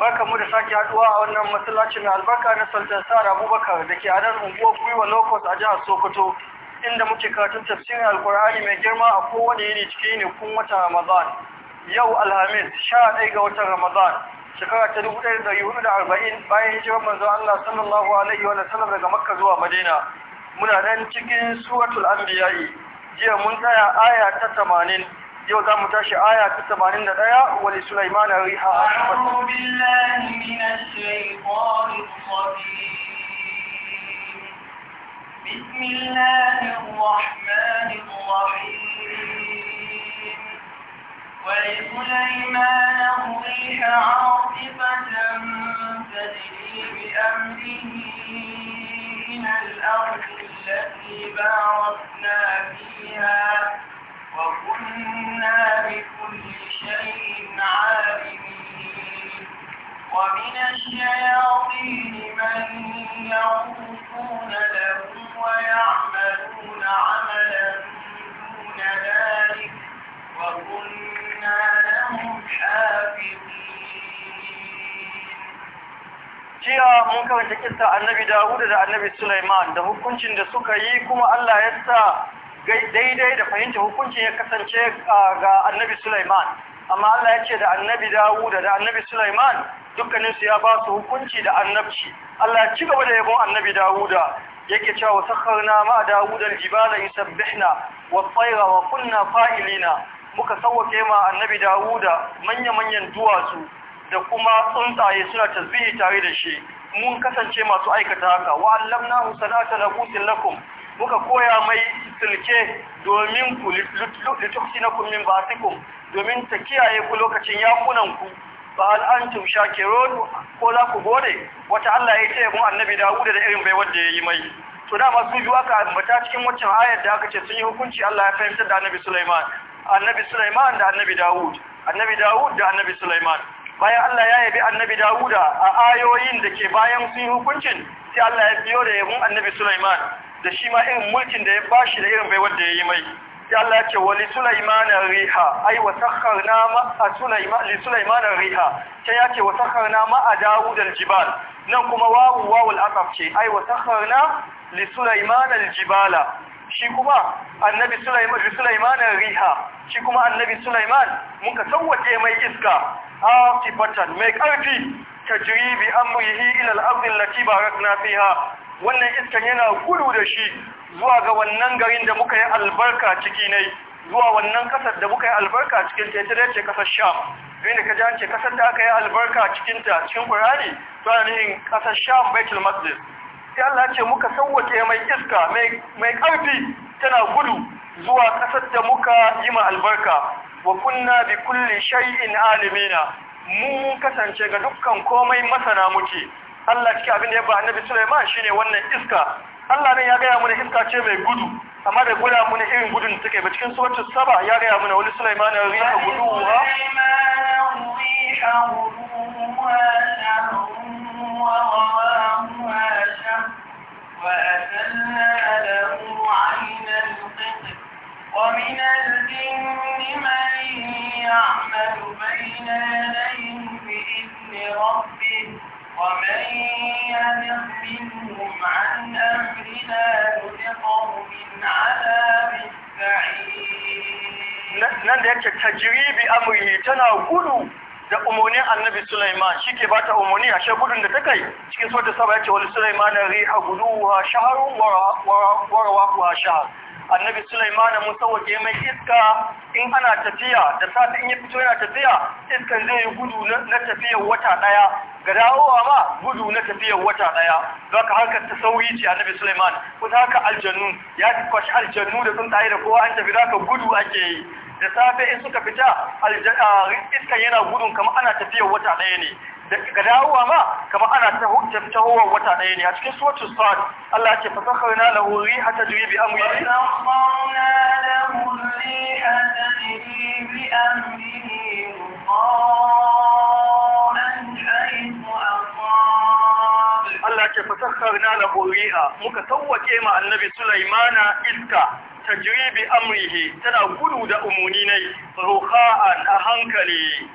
baka mu da sake haduwa a wannan masallacin mai albarka na sultan sa'ad abubakar da ke a nan unguwar gwiwa locust a jihar sokoto inda muke karatun tafsirin alkur'ani mai girma a kowane yini cikin ne kun watan ramadan yau alhamis sha ɗaya ga watan ramadan shekara ta dubu ɗaya da hudu da arba'in bayan hijirar manzon allah sallallahu alaihi wa sallam daga makka zuwa madina muna nan cikin suratul anbiya'i jiya mun tsaya aya ta tamanin يو ذا متاشي آية تتبانين دايا ولسليمان ريحا أعوذ بالله من الشيطان الرجيم بسم الله الرحمن الرحيم ولسليمان ريحا عاطفة تجري بأمره من الأرض التي باركنا فيها وكنا بكل شيء عالمين ومن الشياطين من يغوصون له ويعملون عملا دون ذلك وكنا لهم jiya mun karanta kisa annabi Dawud da annabi Sulaiman da hukuncin da suka yi kuma Allah ya sa daidai da fahimta hukuncin ya kasance ga annabi Sulaiman amma Allah ya ce da annabi dawu da annabi Sulaiman dukkaninsu ya ba su hukunci da annabci Allah ya ci gaba da yabon annabi Dawuda yake cewa sakharna ma Dawuda al-jibala yusabbihna wa tayra wa kunna fa'ilina muka sauke ma annabi Dawuda manya-manyan duwatsu da kuma tsuntsaye suna tasbihi tare da shi mun kasance masu aikata haka wa allamna sanata lakum muka koya mai silke domin ku lituksi na kummin batikum domin ta kiyaye ku lokacin yakunanku ba al'antum shakirun ko za ku gode wata Allah ya ce mu annabi Dawud da irin bai wanda ya yi mai to da masu biyu aka ambata cikin waccan ayar da aka ce sun yi hukunci Allah ya fahimtar da annabi Sulaiman annabi Sulaiman da annabi Dawud annabi Dawud da annabi Sulaiman bayan Allah ya yabi annabi Dawuda a ayoyin da ke bayan sun yi hukuncin sai Allah ya biyo da yabon annabi Sulaiman da shi ma irin mulkin da ya bashi da irin bai wanda ya yi mai ya Allah ce wa li Sulaiman riha ai wa sakharna ma a Sulaiman li Sulaiman riha ta ya ce wa sakharna ma a Dawud al-jibal nan kuma wawu wawul asaf ce ai wa sakharna li Sulaiman al-jibala shi kuma annabi Sulaiman li Sulaiman riha shi kuma annabi Sulaiman muka sawwace mai iska batan mai karfi tajribi amrihi ila al-ardi allati barakna fiha wannan iskan yana gudu da shi zuwa ga wannan garin da muka yi albarka ciki ne zuwa wannan kasar da muka yi albarka cikin ta ce kasar sham inda ka ji ce kasar da aka yi albarka cikin ta cikin qur'ani to ne kasar sham baitul maqdis sai Allah ce muka sawwake mai iska mai mai karfi tana gudu zuwa kasar da muka yi ma albarka wa kunna bi kulli shay'in alimina mu kasance ga dukkan komai masana muke Allah cikin abin da ya ba annabi Sulaiman shine wannan iska Allah ne ya ga ya mun iska ce mai gudu amma da gura mun irin gudun da take ba cikin suratul saba ya ga ya mun wani Sulaiman ya riha guduwa gudu ha ومن الجن من يعمل بين يديه بإذن ربه nan da yake tajribi amri tana gudu da umarnin annabi Sulaiman shi ke bata umarni a gudun da ta kai cikin sautar saba ya ce wani Sulaiman riha wa shaharun warawa shahar annabi Sulaiman mun sauke mai iska in ana tafiya da safi in yi fito yana tafiya iskan zai yi gudu na tafiyar wata daya ga dawowa ma gudu na tafiyar wata daya ka harkar ta sauyi ce annabi Sulaiman ko haka aljannu ya kwashi aljannu da tsuntsaye da kowa an tafi zaka gudu ake yi da safe in suka fita iskan yana gudun kamar ana tafiyar wata daya ne da ga dawowa ma kamar ana ta hujjar tahowa wata ɗaya ne a cikin suratul sad Allah ya ce fa sakharna lahu riha tajri bi amrihi sakharna lahu riha tajri bi amrihi Allah ce fasakharna lahu riha muka sawwake ma annabi Sulaimana iska tajri bi amrihi tana gudu da umuni ne ruha'an a hankali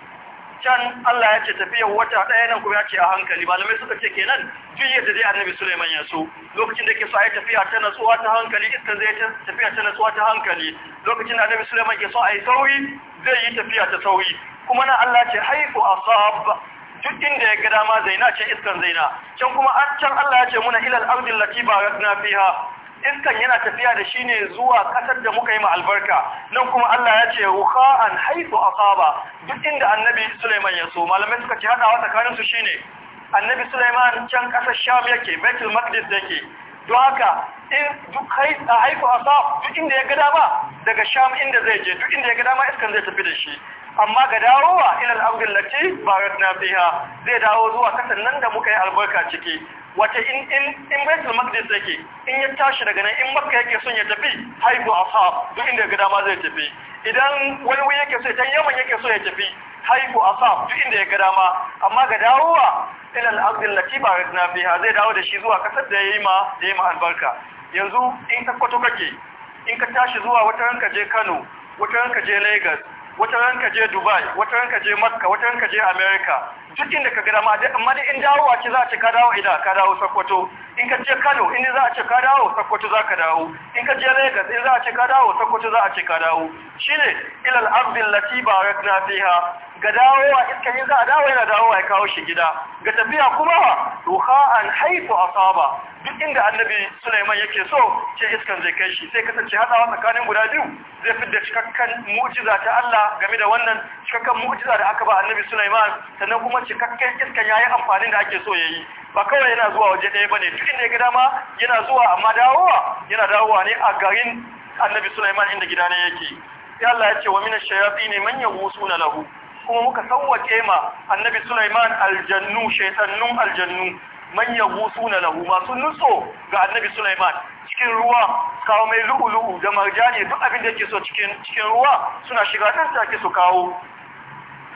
can Allah ya ce tafiyar wata ɗaya nan kuma ya ce a hankali malamai suka ce kenan tun da zai annabi Suleiman ya so lokacin da ke so a yi tafiya ta natsuwa ta hankali iska zai tafiya ta natsuwa ta hankali lokacin da annabi Suleiman ke so a yi sauyi zai yi tafiya ta sauyi kuma na Allah ce haifu asab duk inda ya ga dama zaina ce iskan zaina can kuma can Allah ya ce muna ilal ardil lati barakna fiha iskan yana tafiya da shi ne zuwa kasar da muka yi ma albarka nan kuma Allah ya ce ruha'an haitu asaba duk inda annabi Sulaiman ya so malamai suka ce hadawa tsakanin su shine annabi Sulaiman can kasar Sham yake Baitul Maqdis yake don haka in duk haitu asab duk inda ya gada ba, daga Sham inda zai je duk inda ya gada dama iskan zai tafi da shi amma ga dawowa ilal abdul lati baratna fiha zai dawo zuwa kasan nan da muka yi albarka ciki wata in in baitul magdis yake in ya tashi daga nan in makka yake son ya tafi haibu ashab duk inda ga dama zai tafi idan wani wani yake so idan yaman yake so ya tafi haibu ashab duk inda ya ga dama amma ga dawowa ila al-ardh allati barakna biha zai dawo da shi zuwa kasar da yayi ma da yayi ma albarka yanzu in ka kwato kake in ka tashi zuwa wata ranka je Kano wata ranka je Lagos wata ranka je Dubai wata ranka je Makka wata ranka je America duk inda ka gada dama amma dai in dawowa ce za a ce ka dawo ida ka dawo sakkwato in ka je Kano in za a ce ka dawo Sokoto za ka dawo in ka je Lagos in za a ce ka dawo Sokoto za a ce ka dawo Shi ne ilal abin lati fi fiha ga dawowa iska in za a dawo yana dawowa ya kawo shi gida ga tafiya kuma ruha an a saba duk inda annabi Sulaiman yake so ce iskan zai kai shi sai kasance haɗawa tsakanin guda biyu zai fi da cikakken mu'jiza ta Allah game da wannan cikakken mu'jiza da aka ba annabi Sulaiman sannan kuma cikakken iskan yi amfani da ake so ya yi. ba kawai yana zuwa waje ɗaya ba duk inda ya ga ma yana zuwa amma dawowa yana dawowa ne a garin annabi Sulaiman inda gida ne yake sai Allah ya ce wa shayafi ne manya wusu na lahu kuma muka sawwake ma annabi Sulaiman aljannu shaitannun aljannu wusu na lahu masu nutso ga annabi Sulaiman cikin ruwa kawo mai lu'ulu'u da marjani duk abin da yake so cikin cikin ruwa suna shiga ɗan take su kawo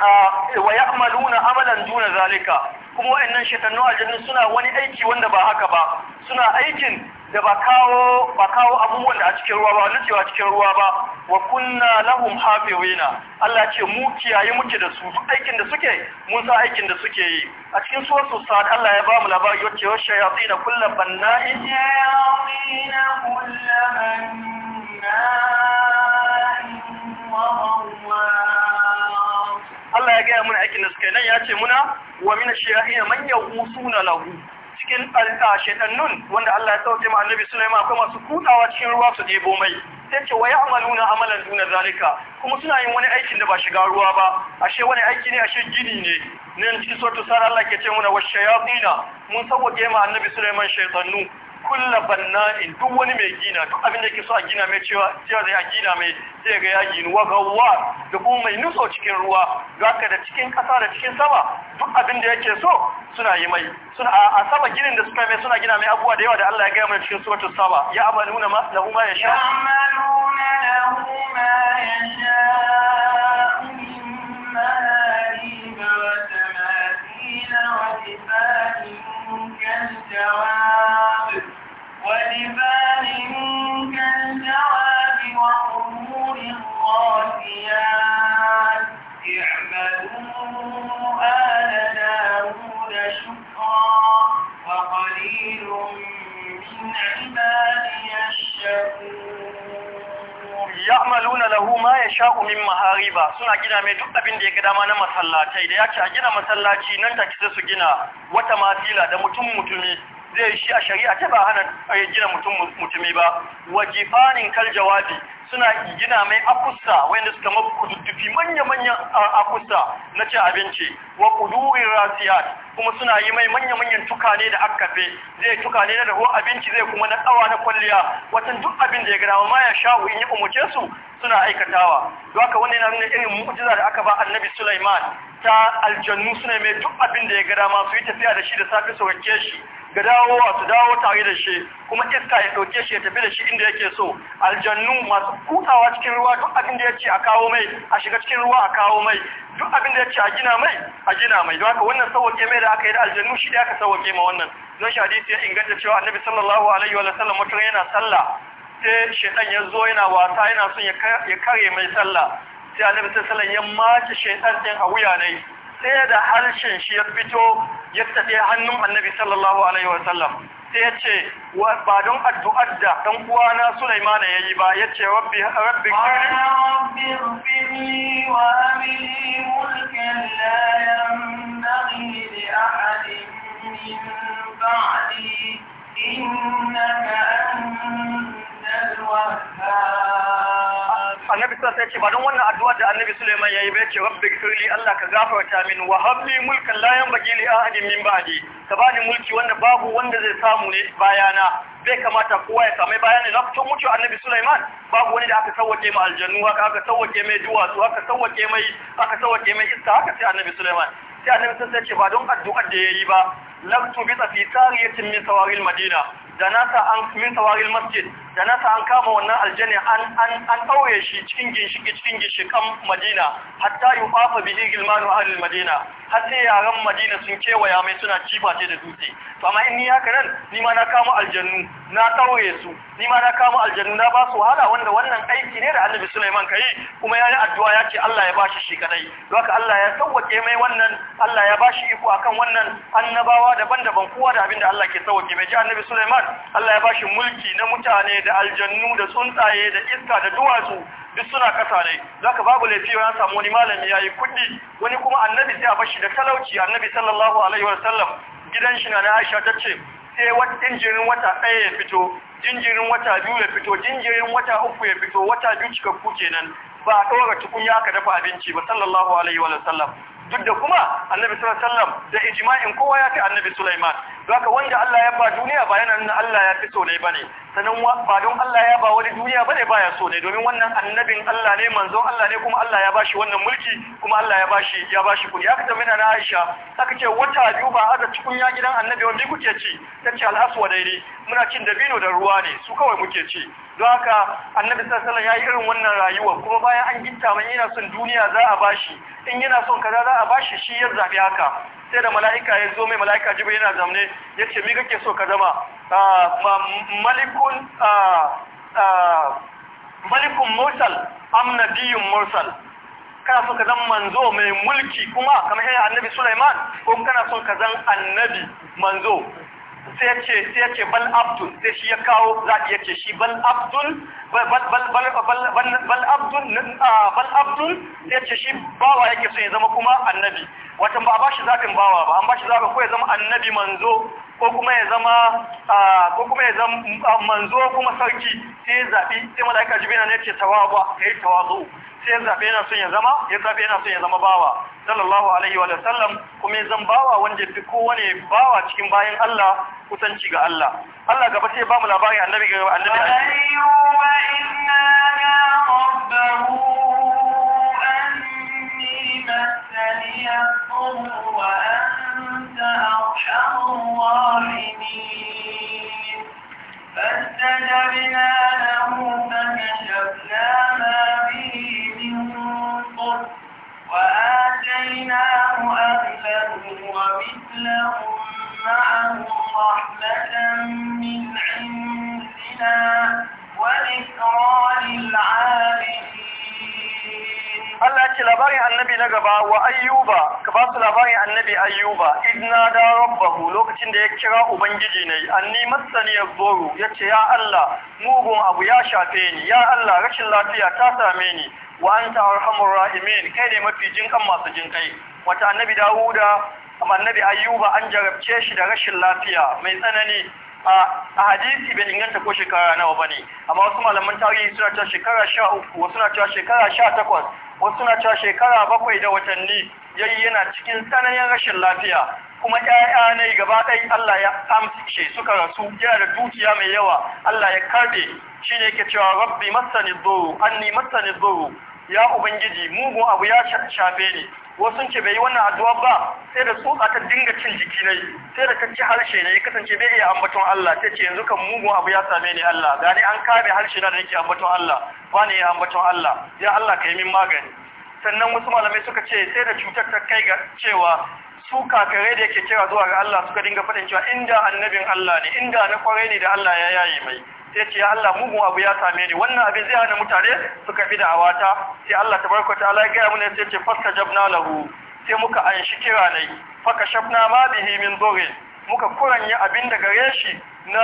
ah, wa ya'maluna amalan juna zalika kuma wa'annan shekannu aljannu suna wani aiki wanda ba haka ba suna aikin da ba kawo ba kawo abubuwan da a cikin ruwa ba nutsewa cikin ruwa ba wa kunna lahum hafizina Allah ce mu kiyaye muke da su aikin da suke mun sa aikin da suke yi a cikin suratul sa'ad Allah ya ba mu labari wacce wa shayatin kullu banna'in shayatin kullu banna'in Allah ya gaya muna aikin da suka nan ya ce muna wa min manyan man na lahu cikin nun wanda Allah ya sauke ma annabi Sulaiman akwai masu kutawa cikin ruwa su debo mai sai ce wa ya'maluna amalan duna zalika kuma suna yin wani aikin da ba shiga ruwa ba ashe wani aiki ne ashe gini ne nan cikin sautu sar Allah ke ce muna wa shayatina mun sauke ma annabi Sulaiman shaytanu kulla banna'in duk wani mai gina duk abin da yake so a gina mai cewa cewa zai a gina mai sai ga ni ginu wa da kuma mai nutso cikin ruwa zaka da cikin kasa da cikin sama duk abin da yake so suna yi mai suna a sama ginin da suka mai suna gina mai abuwa da yawa da Allah ya gaya mana cikin suratul saba ya amaluna ma lahu ma yasha amaluna lahu ma yasha ya sha'u min mahariba suna gina mai duk abin da ya ga dama na masallatai da ya ce a gina masallaci nan take sai su gina wata masila da mutum mutumi zai shi a shari'a ta ba hana gina mutum mutumi ba wajifanin kal jawabi suna gina mai akusta wanda suka mafi kududdufi manya-manyan akusta na cin abinci wa kudurin rasiyat kuma suna yi mai manya-manyan tukane da akafe zai tukane na daho abinci zai kuma na tsawa na kwalliya watan duk abin da ya gada ma ya sha in yi umarce su suna aikatawa don haka wani yana nuna irin mu'jiza da aka ba annabi Sulaiman ta aljannu suna mai duk abin da ya gada ma yi tafiya da shi da safe su wanke shi ga dawowa su dawo tare da shi kuma iska ya ɗauke shi ya tafi da shi inda yake so aljannu masu kutawa cikin ruwa duk abin da ya ce a kawo mai a shiga cikin ruwa a kawo mai duk abin da ya ce a gina mai a gina mai don haka wannan sauwake mai da aka yi da aljannu shi da aka sauwake ma wannan don shi hadisi ya inganta cewa annabi sallallahu alaihi wa sallam mutum yana sallah sai shaitan ya zo yana wasa yana son ya kare mai sallah sai annabi sallallahu alaihi wa sallam ya mace shaitan din a wuya ne sai da harshen shi ya fito ya tafi hannun annabi sallallahu alaihi wasallam sai ya ce ba don addu'ar da ɗan na sulaimana ya yi ba ya ce rabbi rabbi rabbi wa amili mulkin la annabi sai ce ba don wannan addu'a da annabi Sulaiman yayi ba ce, rabbi kirli Allah ka gafarta min wa habli mulkan la yanbaghi li ahadin min ba'di ka bani mulki wanda babu wanda zai samu ne bayana bai kamata kowa ya samu bayani na fito mutu annabi Sulaiman babu wani da aka sauwake mai aljannu haka aka sauwake mai duwatsu aka sauwake mai aka mai iska haka sai annabi Sulaiman sai annabi sun ce ba don addu'ar da yayi ba lam tu bi fi tariyatin min sawaril madina da nasa an min sawaril masjid da na sa an kama wannan aljanin an ɗauye shi cikin ginshiki cikin ginshikan madina hatta yi fafa bihi gilmanu ahlul madina har sai yaran madina sun kewaya mai suna ciface ce da dutse to amma in ni haka nan ni ma na kama aljannu na ɗauye su ni ma na kama aljannu na ba su wahala wanda wannan aiki ne da annabi sulaiman kai kuma ya yi addu'a ya ce allah ya ba shi shi kadai don haka allah ya sauwake mai wannan allah ya ba shi iko akan wannan annabawa daban-daban kowa da abin da allah ke sauwake mai ji annabi sulaiman allah ya ba shi mulki na mutane da aljannu da tsuntsaye da iska da duwatsu duk suna kasa ne zaka babu laifi ya samu wani malami yayi kudi wani kuma annabi sai a bashi da talauci annabi sallallahu alaihi wasallam gidan shi na Aisha tace sai wata jinjirin wata ɗaya ya fito jinjirin wata biyu ya fito jinjirin wata uku ya fito wata biyu cikakku kenan ba a ɗora tukunya aka dafa abinci ba sallallahu alaihi wa duk da kuma annabi sallallahu alaihi wasallam da ijma'in kowa ya kai annabi Sulaiman zaka wanda Allah ya ba duniya ba yana nuna Allah ya fi so ne sanin sanan ba don Allah ya ba wani duniya ba ne baya so ne domin wannan annabin Allah ne manzon Allah ne kuma Allah ya ba shi wannan mulki kuma Allah ya shi ya kuri. Ya aka mina na Aisha aka ce wata biyu ba aka cikin ya gidan annabi wani kuke ci ce al wa daidai muna cin dabino da ruwa ne su kawai muke ci don haka annabi sallallahu ya yi irin wannan rayuwa kuma bayan an gitta man yana son duniya za a ba shi, in yana son kaza za a ba shi shi ya zabi haka sai da mala'ika ya zo mai mala'ika jibril yana zamne ya ce mi kake so ka zama ah, malikun ah, ah, malikun mursal am mursal kana so ka zan manzo mai mulki kuma kamar yayin annabi Sulaiman ko kana so ka zan annabi manzo sai ce sai ce bal abdul sai shi ya kawo zaɗi ya ce shi bal abdul bal abdul bal abdul sai ce shi bawa yake so ya zama kuma annabi watan ba a shi zakin bawa ba an shi zaka ko ya zama annabi manzo ko kuma ya zama ko kuma ya zama manzo kuma sarki sai zabi sai mala'ika jibina ne ce tawaba kai tawazu sai ya zaɓe yana son ya zama ya zaɓe yana son ya zama bawa sallallahu alaihi wa sallam kuma ya zan bawa wanda ya fi kowane bawa cikin bayan Allah kusanci ga Allah Allah gaba sai ba mu labari annabi ga annabi ayyuba inna ya rabbahu anni masani wa anta arhamur rahimin فاستجبنا له فكشفنا ما به من ضر وآتيناه أهله ومثلهم معهم رحمة من عندنا وذكرى للعابدين Allah ya ce labarin annabi na gaba wa ayyuba ka ba su labarin annabi ayyuba idna da rabbahu lokacin da ya kira ubangiji ne anni massani ya ce ya Allah mugun abu ya shafe ni ya Allah rashin lafiya ta same ni wa anta arhamur rahimin kai ne mafi jinkan masu jinkai wata annabi Dawuda annabi Ayyuba an jarabce shi da rashin lafiya mai tsanani a hadisi bai inganta ko shekara nawa ba ne amma wasu malaman tarihi suna cewa shekara sha uku wasu na cewa shekara sha takwas wasu na cewa shekara bakwai da watanni yayi yana cikin tsananin rashin lafiya kuma 'ya'ya ne gaba ɗaya Allah ya amshe suka rasu yana da dukiya mai yawa Allah ya karbe ne yake cewa rabbi massani dhuru anni masani zuru ya ubangiji mugu abu ya shafe ni wasu ce bai yi wannan addu'a ba sai da tsotsa ta dinga cin jiki yi. sai da ta ci harshe ne ya kasance bai iya ambaton Allah sai ce yanzu kan mugu abu ya same ni Allah gani an kame harshe na da nake ambaton Allah ba ne ya ambaton Allah ya Allah ka yi min magani sannan wasu malamai suka ce sai da cutar ta kai ga cewa su kakare da yake kira zuwa ga Allah suka dinga faɗin cewa inda annabin Allah ne inda na kwarai ne da Allah ya yaye mai sai ce ya Allah mugun abu ya same ni wannan abin zai hana mutane suka bi da awata sai Allah tabaraka ta'ala ya gaya mana sai ce jabna lahu sai muka anshi kira nai faka shafna ma bihi min dhuri muka kuranya abin da gare shi na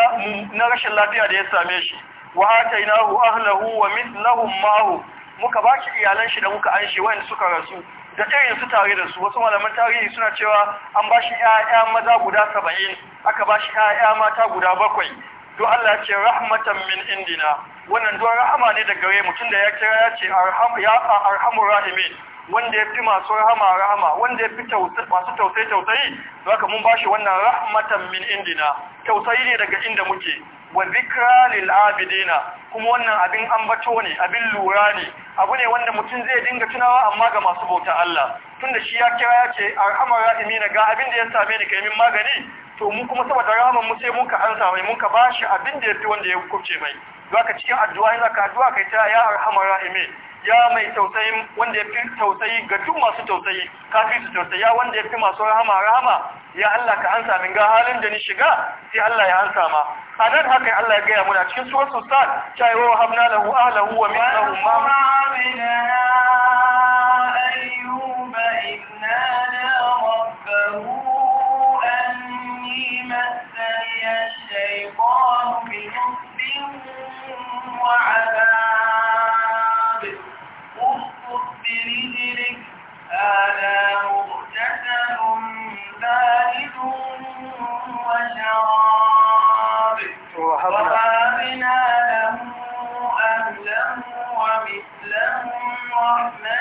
na rashin lafiya da ya same shi wa atainahu ahlahu wa mithlahum ma'ahu muka baki iyalan shi da muka anshi wanda suka rasu da irin su tare da su wasu malaman tarihi suna cewa an bashi shi maza guda saba'in aka bashi ƴaƴa mata guda bakwai to Allah ce rahmatan min indina wannan duwan rahama ne daga gare mu da ya kira ya ce arhamu arhamur rahimin wanda ya fi masu rahama rahama wanda ya fi masu tausayi tausayi ka mun bashi wannan rahmatan min indina tausayi ne daga inda muke wa zikra lil abidina kuma wannan abin ambato ne abin lura ne abu ne wanda mutum zai dinga tunawa amma ga masu bauta Allah tunda shi ya kira ya ce al'amara na ga abin da ya same ni kai min magani to mu kuma saboda rahaman mu sai mun ka ansa mai mun ka bashi abin da ya fi wanda ya kubce mai zaka cikin addu'a in ka addu'a kai ta ya arhamar rahimin ya mai tausayin wanda ya fi tausayi ga duk masu tausayi kafin su tausayi ya wanda ya fi masu rahama rahama ya Allah ka ansa min ga halin da ni shiga sai Allah ya ansa ma a nan haka Allah ya gaya muna cikin suwar sultan cewa wa habna lahu ahlahu wa mithlahu ma إذ ربه أني الشيطان وعذاب برجلك مغتسل وشراب له أهلا ومثلا رحمة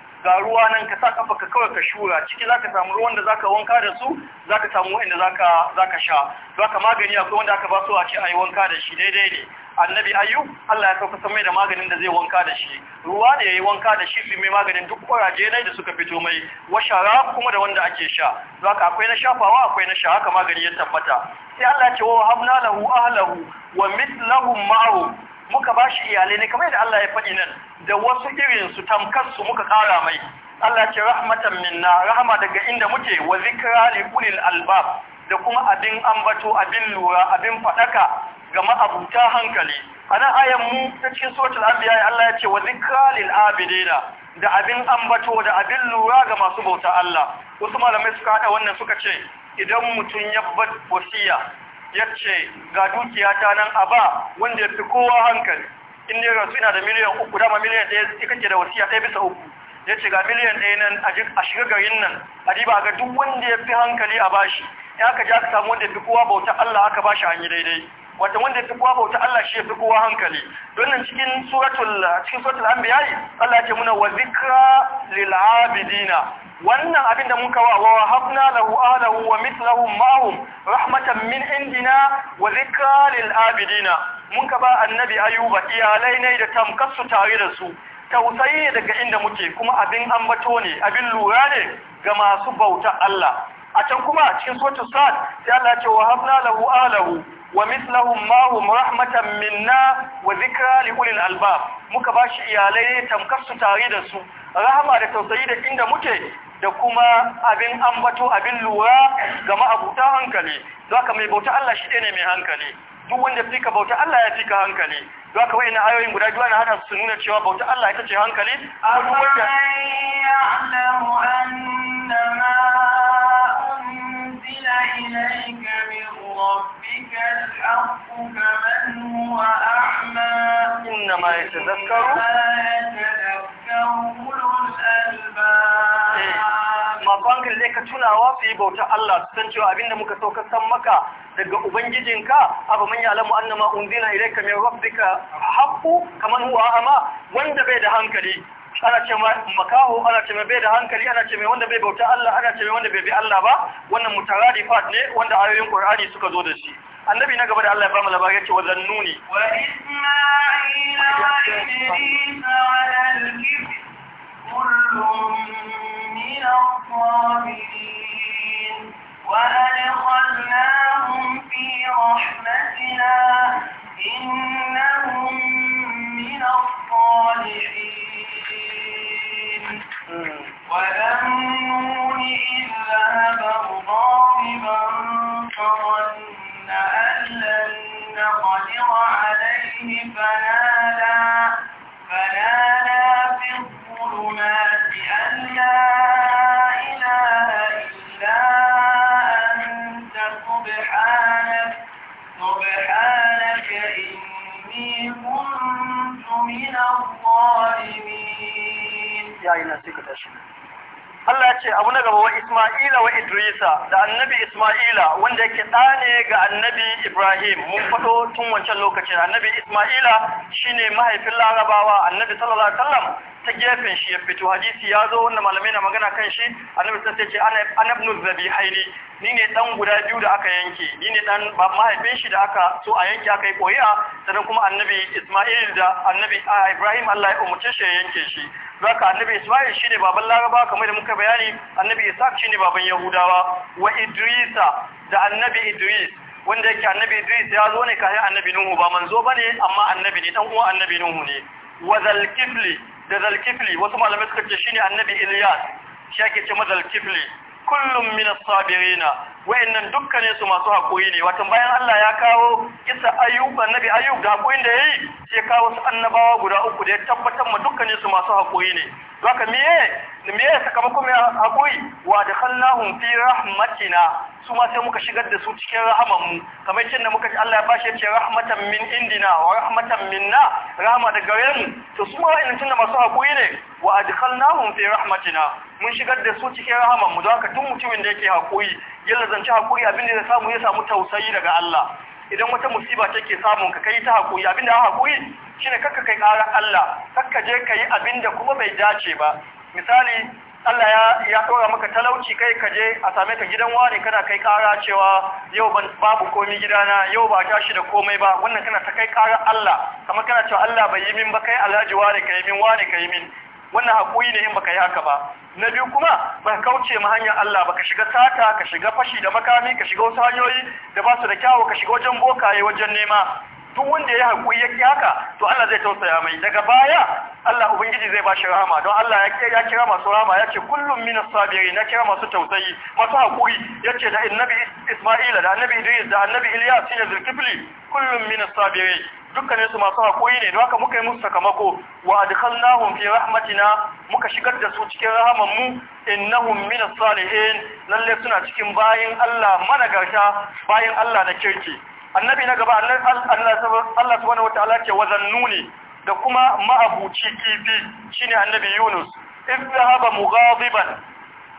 ga ruwa nan ka sa kafa ka kawai ka shura ciki zaka samu ruwan da ka wanka da su zaka samu wanda zaka zaka sha ka magani akwai wanda aka ba su a ce ai wanka da shi daidai ne annabi ayyub Allah ya sauka mai da maganin da zai wanka da shi ruwa ya yayi wanka da shi su mai maganin duk kuraje na da suka fito mai washara kuma da wanda ake sha zaka akwai na shafawa akwai na sha haka magani ya tabbata sai Allah ya ce wa habna lahu ahlahu wa mithlahum ma'ahu muka ba shi iyalai ne kamar yadda Allah ya faɗi nan da wasu irin su tamkar su muka ƙara mai Allah ce rahmatan minna rahama daga inda muke wa zikra li ulil albab da kuma abin ambato abin lura abin fadaka ga ma'abuta hankali ana ayan mu ta cikin suratul anbiya Allah ya ce wa zikra lil abidina da abin ambato da abin lura ga masu bauta Allah wasu malamai suka hada wannan suka ce idan mutum ya bar wasiya ya ce ga dukiya ta nan a ba wanda ya fi kowa hankali inda ya rasu ina da miliyan uku dama miliyan ɗaya ya kake da wasiya ɗaya bisa uku ya ce ga miliyan ɗaya nan a shiga garin nan a riba ga duk wanda ya fi hankali a bashi ya aka ji aka samu wanda ya fi kowa bauta Allah aka bashi an yi daidai wata wanda ya fi kowa bauta Allah shi ya fi kowa hankali don nan cikin suratul cikin suratul anbiya Allah ya ce muna wa zikra lil abidina wannan abin da muka wa wa habna lahu alahu wa mislahun mahum rahmatan min indina wa zikra lil abidina muka ba annabi ayuba iyalai ne da tamkasu tare da su tausayi ne daga inda muke kuma abin ambato ne abin lura ne ga masu bauta Allah a can kuma cikin suratul sad sai Allah ce wa habna lahu alahu wa mislahun mahum rahmatan minna wa zikra li ulil albab muka bashi iyalai tamkasu tare da su rahama da tausayi da inda muke da kuma abin ambato abin lura ga ma'abuta hankali zaka mai bauta Allah shi ne mai hankali duk wanda fika bauta Allah ya fika hankali zaka wayna ayoyin guda biyu na hada su nuna cewa bauta Allah ita ce hankali duk wanda ya'lamu annama unzila ilayka min rabbika al-haqqu kaman huwa a'ma inma yatadhakkaru ka tunawa su yi bauta Allah su san cewa abinda muka sauka san maka daga ubangijinka abu man ya'lamu annama unzila ilayka min rabbika haqqu kaman huwa ama wanda bai da hankali ana ce makaho ana ce mai bai da hankali ana ce mai wanda bai bauta Allah ana ce mai wanda bai bi Allah ba wannan mutaradifat ne wanda ayoyin Qur'ani suka zo da shi annabi na gaba da Allah ya bamu labari yace wa zannuni wa isma'ila wa idrisa wa al-kifl kullum الصابرين وأدخلناهم في رحمتنا إنهم من الصالحين وذنون إذ ذهب مغاضبا فظن أن لن نقدر عليه فنادى فنادى في الظلم الظلمات Allah ce abu na gaba wa Isma'ila wa Idrisa da annabi Isma'ila wanda yake ɗa ne ga annabi Ibrahim mun faɗo tun wancan lokacin annabi Isma'ila shine mahaifin Larabawa annabi sallallahu alaihi wasallam ta gefen shi ya fito hadisi ya zo wanda malamai na magana kan shi annabi sun sai ce anabnu zabihaini ni ne dan guda biyu da aka yanke ni ne dan mahaifin shi da aka so a yanke aka yi koyiya sannan kuma annabi Isma'il da annabi Ibrahim Allah ya umurce shi ya yanke shi zaka annabi Isma'il shine baban Laraba kamar da muka bayani annabi Isaac shine baban Yahudawa wa Idrisa da annabi Idris wanda yake annabi Idris ya zo ne kai annabi Nuhu ba manzo bane amma annabi ne dan uwan annabi Nuhu ne wa zalkifli da zalkifli wasu malamai suka ce shine annabi iliyas shi ake ce mazalkifli kullum min as-sabirina waannan dukkanin su masu haƙuri ne watan bayan Allah ya kawo kisa ayyub annabi ayyub da haƙoƙin da yayi sai kawo su annabawa guda uku da ya tabbatar ma dukkanin su masu haƙuri ne haka miye miye sakamakon mai haƙuri wa dakhalnahum fi rahmatina su ma sai muka shigar da su cikin rahaman mu kamar yadda muka ci Allah ya bashi ya ce rahmatan min indina wa rahmatan minna rahama da gare mu to su ma wayannan tunda masu haƙuri ne wa adkhalnahum fi rahmatina mun shigar da su cikin rahaman mu don haka tun mutumin da yake hakuri ya lazanci hakuri abin da ya samu ya samu tausayi daga Allah idan wata musiba take samun ka kai ta hakuri abin da hakuri shine kakka kai ƙara Allah kakka je kai abin da kuma bai dace ba misali Allah ya ya ɗora maka talauci kai ka je a same ka gidan wani kana kai ƙara cewa yau ban babu komai gidana yau ba tashi da komai ba wannan kana ta kai ƙara Allah kamar kana cewa Allah bai yi min ba kai alhaji wani kai min wani kai min wannan haƙuri ne in baka yi haka ba na biyu kuma ba kauce ma hanyar Allah ba ka shiga sata ka shiga fashi da makami ka shiga wasu hanyoyi da ba su da kyawu ka shiga wajen bokaye wajen nema duk wanda ya haƙuri ya ki haka to Allah zai tausaya mai daga baya Allah ubangiji zai ba shi rahama don Allah ya kira masu rahama ya ce kullum minas sabiri na kira masu tausayi masu haƙuri ya ce da annabi Isma'ila da annabi Idris da annabi Ilyas ne zulkifli kullum minas sabiri dukkanin su masu haƙuri ne don haka muka yi musu sakamako wa adkhalnahum fi rahmatina muka shigar da su cikin rahaman mu innahum minas salihin lalle suna cikin bayin Allah managarta bayin Allah na kirki annabi na gaba Allah subhanahu wataala ce nuni da kuma ma'abuci kifi shine annabi Yunus in zahaba mughadiban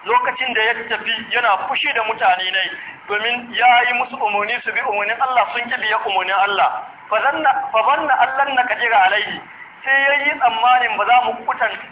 lokacin da ya tafi yana fushi da mutane ne domin ya yi musu umarni su bi umarnin Allah sun kibi ya umarnin Allah fa zanna fa zanna Allah na kadira alaihi sai ya yi tsammanin ba za mu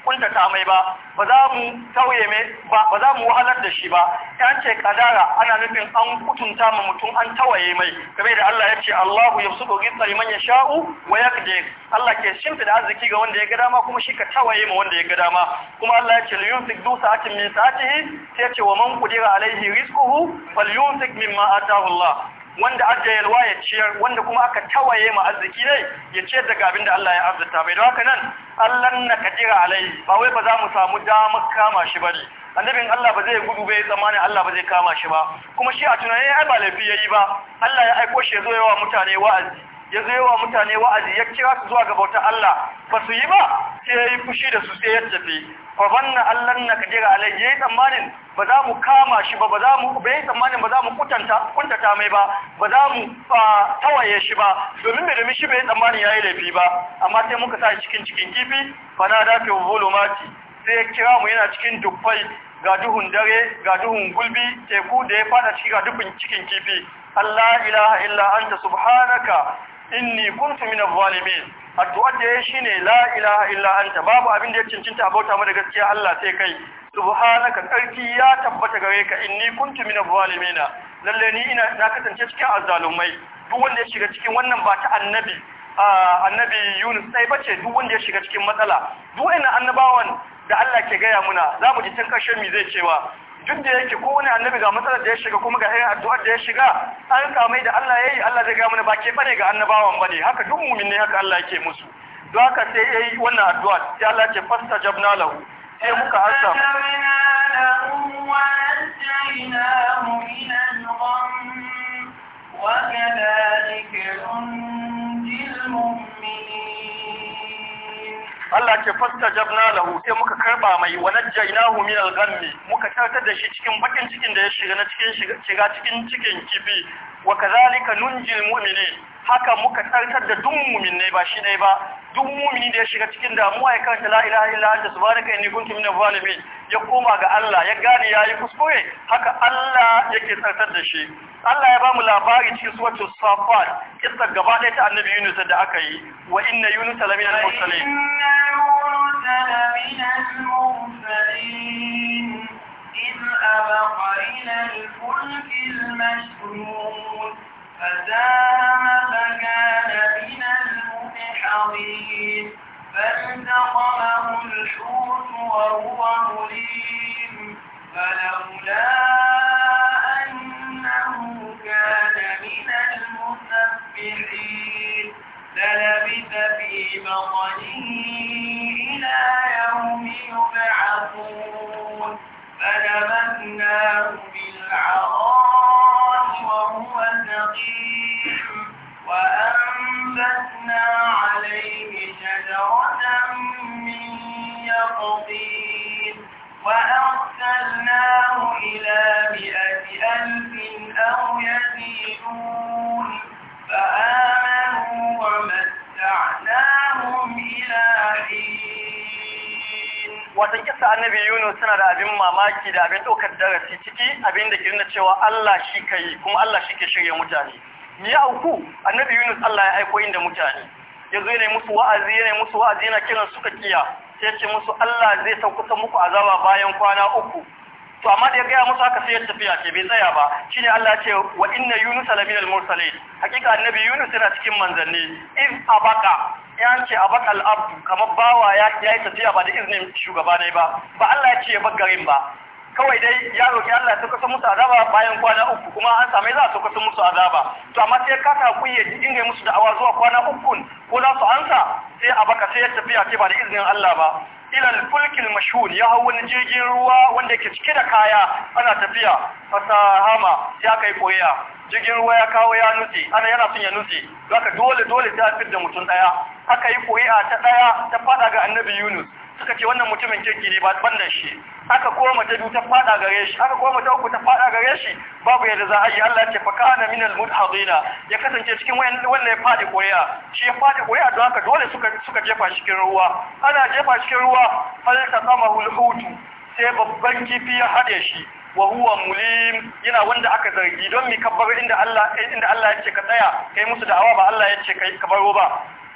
kuntata mai ba ba za mu tauye mai ba ba za mu wahalar da shi ba yan ce kadara ana nufin an kutunta ma mutum an tawaye mai game da Allah ya ce Allahu yabsutu rizqa liman yasha'u wa yaqdir Allah ke shimfida arziki ga wanda ya ga dama kuma shi ka tawaye ma wanda ya ga dama kuma Allah ya ce liyunfik du sa'atin min sa'atihi sai ce wa man qudira alaihi rizquhu falyunfik mimma ataahu Allah wanda aka yalwa ya ciyar wanda kuma aka tawaye ma arziki ne ya ciyar daga abin da Allah ya arzuta bai don haka nan Allah na kadira alai ba wai ba za mu samu damar kama shi bane annabin Allah ba zai gudu bai tsammani Allah ba zai kama shi ba kuma shi a tunanin ai ba laifi yayi ba Allah ya aiko shi ya zo yawa mutane wa'azi ya zo yawa mutane wa'azi ya kira su zuwa ga bautar Allah ba su yi ba sai ya yi fushi da su sai ya tafi fa banna Allah na kadira alai yayi tsammanin ba za mu kama shi ba ba za mu bai tsammanin ba za mu kutanta kuntata mai ba ba za mu tawaye shi ba domin mai domin shi bai tsammanin yi laifi ba amma sai muka sa cikin cikin kifi fana da fi mati sai ya kira mu yana cikin dubbai ga duhun dare ga duhun gulbi teku da ya fada ciki ga dubin cikin kifi Allah ilaha illa anta subhanaka inni kuntu minadh zalimin addu'ar da ya shi ne la ilaha illa anta babu abin da ya cincinta abota mu da gaskiya Allah sai kai subhanaka tsarki ya tabbata gare ka in inni kuntu minaz zalimina lalle ni ina na kasance cikin azzalumai duk wanda ya shiga cikin wannan ba ta annabi annabi Yunus sai bace duk wanda ya shiga cikin matsala duk ina annabawan da Allah ke gaya muna za mu ji tun ƙarshen mi zai cewa duk da yake ko wani annabi ga matsalar da ya shiga kuma ga irin addu'ar da ya shiga an kamai da Allah yayi Allah zai ga mana ba ke bane ga annabawan bane haka duk mu'min ne haka Allah yake musu don haka sai yayi wannan addu'a sai Allah ce jabna lahu sai muka ansa وكذلك ننجي المؤمنين Allah ce fastajabna lahu sai muka karba mai wa najjaynahu min al-ghammi muka tartar da shi cikin bakin cikin da ya shiga na cikin shiga cikin cikin kibi wa kazalika nunjil mu'minin haka muka tsartar da duk ne ba shi ne ba duk mu'mini da ya shiga cikin damuwa ya karanta la ilaha illa anta subhanaka inni kuntu minaz zalimin ya koma ga Allah ya gane yayi kuskure haka Allah yake tsartar da shi Allah ya ba mu labari cikin suratul safat kissa gaba ɗaya ta annabi Yunus da aka yi wa inna yunus lamina al-mursalin إذ أبق إلى الفلك المشهور فساهم فكان من المدحضين فالتقمه الحوت وهو مليم فلولا أنه كان من المسبحين للبث في بطنه annabi Yunus suna da abin mamaki da abin ɗaukar darasi ciki abin da ke da cewa Allah shi ka yi kuma Allah shi ke shirya mutane. ya auku annabi Yunus Allah ya aiko inda mutane. Ya zo yana musu wa'azi yana musu wa'azi yana kiran suka kiya sai ce musu Allah zai saukuta muku azaba bayan kwana uku. To amma da ya gaya musu haka sai ya tafiya ke bai tsaya ba shi ne Allah ce wa inna Yunus laminal mursalin hakika annabi Yunus yana cikin manzanni iz abaka ya ce a bakal abdu kamar bawa ya yi tafiya ba da izinin shugaba ne ba ba Allah ya ce ya bar garin ba kawai dai ya roki Allah ya sauka musu azaba bayan kwana uku kuma an same za a sauka musu azaba to amma sai ka ta kuye dinga musu da'awa zuwa kwana uku ko za su ansa sai a baka sai ya tafiya ce ba da izinin Allah ba ilal fulkil mashhun ya hau wani jirgin ruwa wanda ke cike da kaya ana tafiya fasahama ya kai koyya jirgin ruwa ya kawo ya nutse ana yana son ya nutse zaka dole dole ta fitar da mutum daya aka yi ƙuri'a ta daya ta fada ga annabi Yunus suka ce wannan mutumin kirki ne ba bannan shi aka koma ta biyu ta fada gare shi aka koma ta uku ta fada gare shi babu yadda za a yi Allah ce fa kana min al mudhadina ya kasance cikin wannan ya fadi koya shi ya fadi koya don haka dole suka suka jefa cikin ruwa ana jefa cikin ruwa fal taqamahu al hutu, sai babban kifi ya hade shi wa huwa mulim yana wanda aka zargi don mi kabbar inda Allah inda Allah ya ce ka tsaya kai musu da'awa ba Allah ya ce kai ka baro ba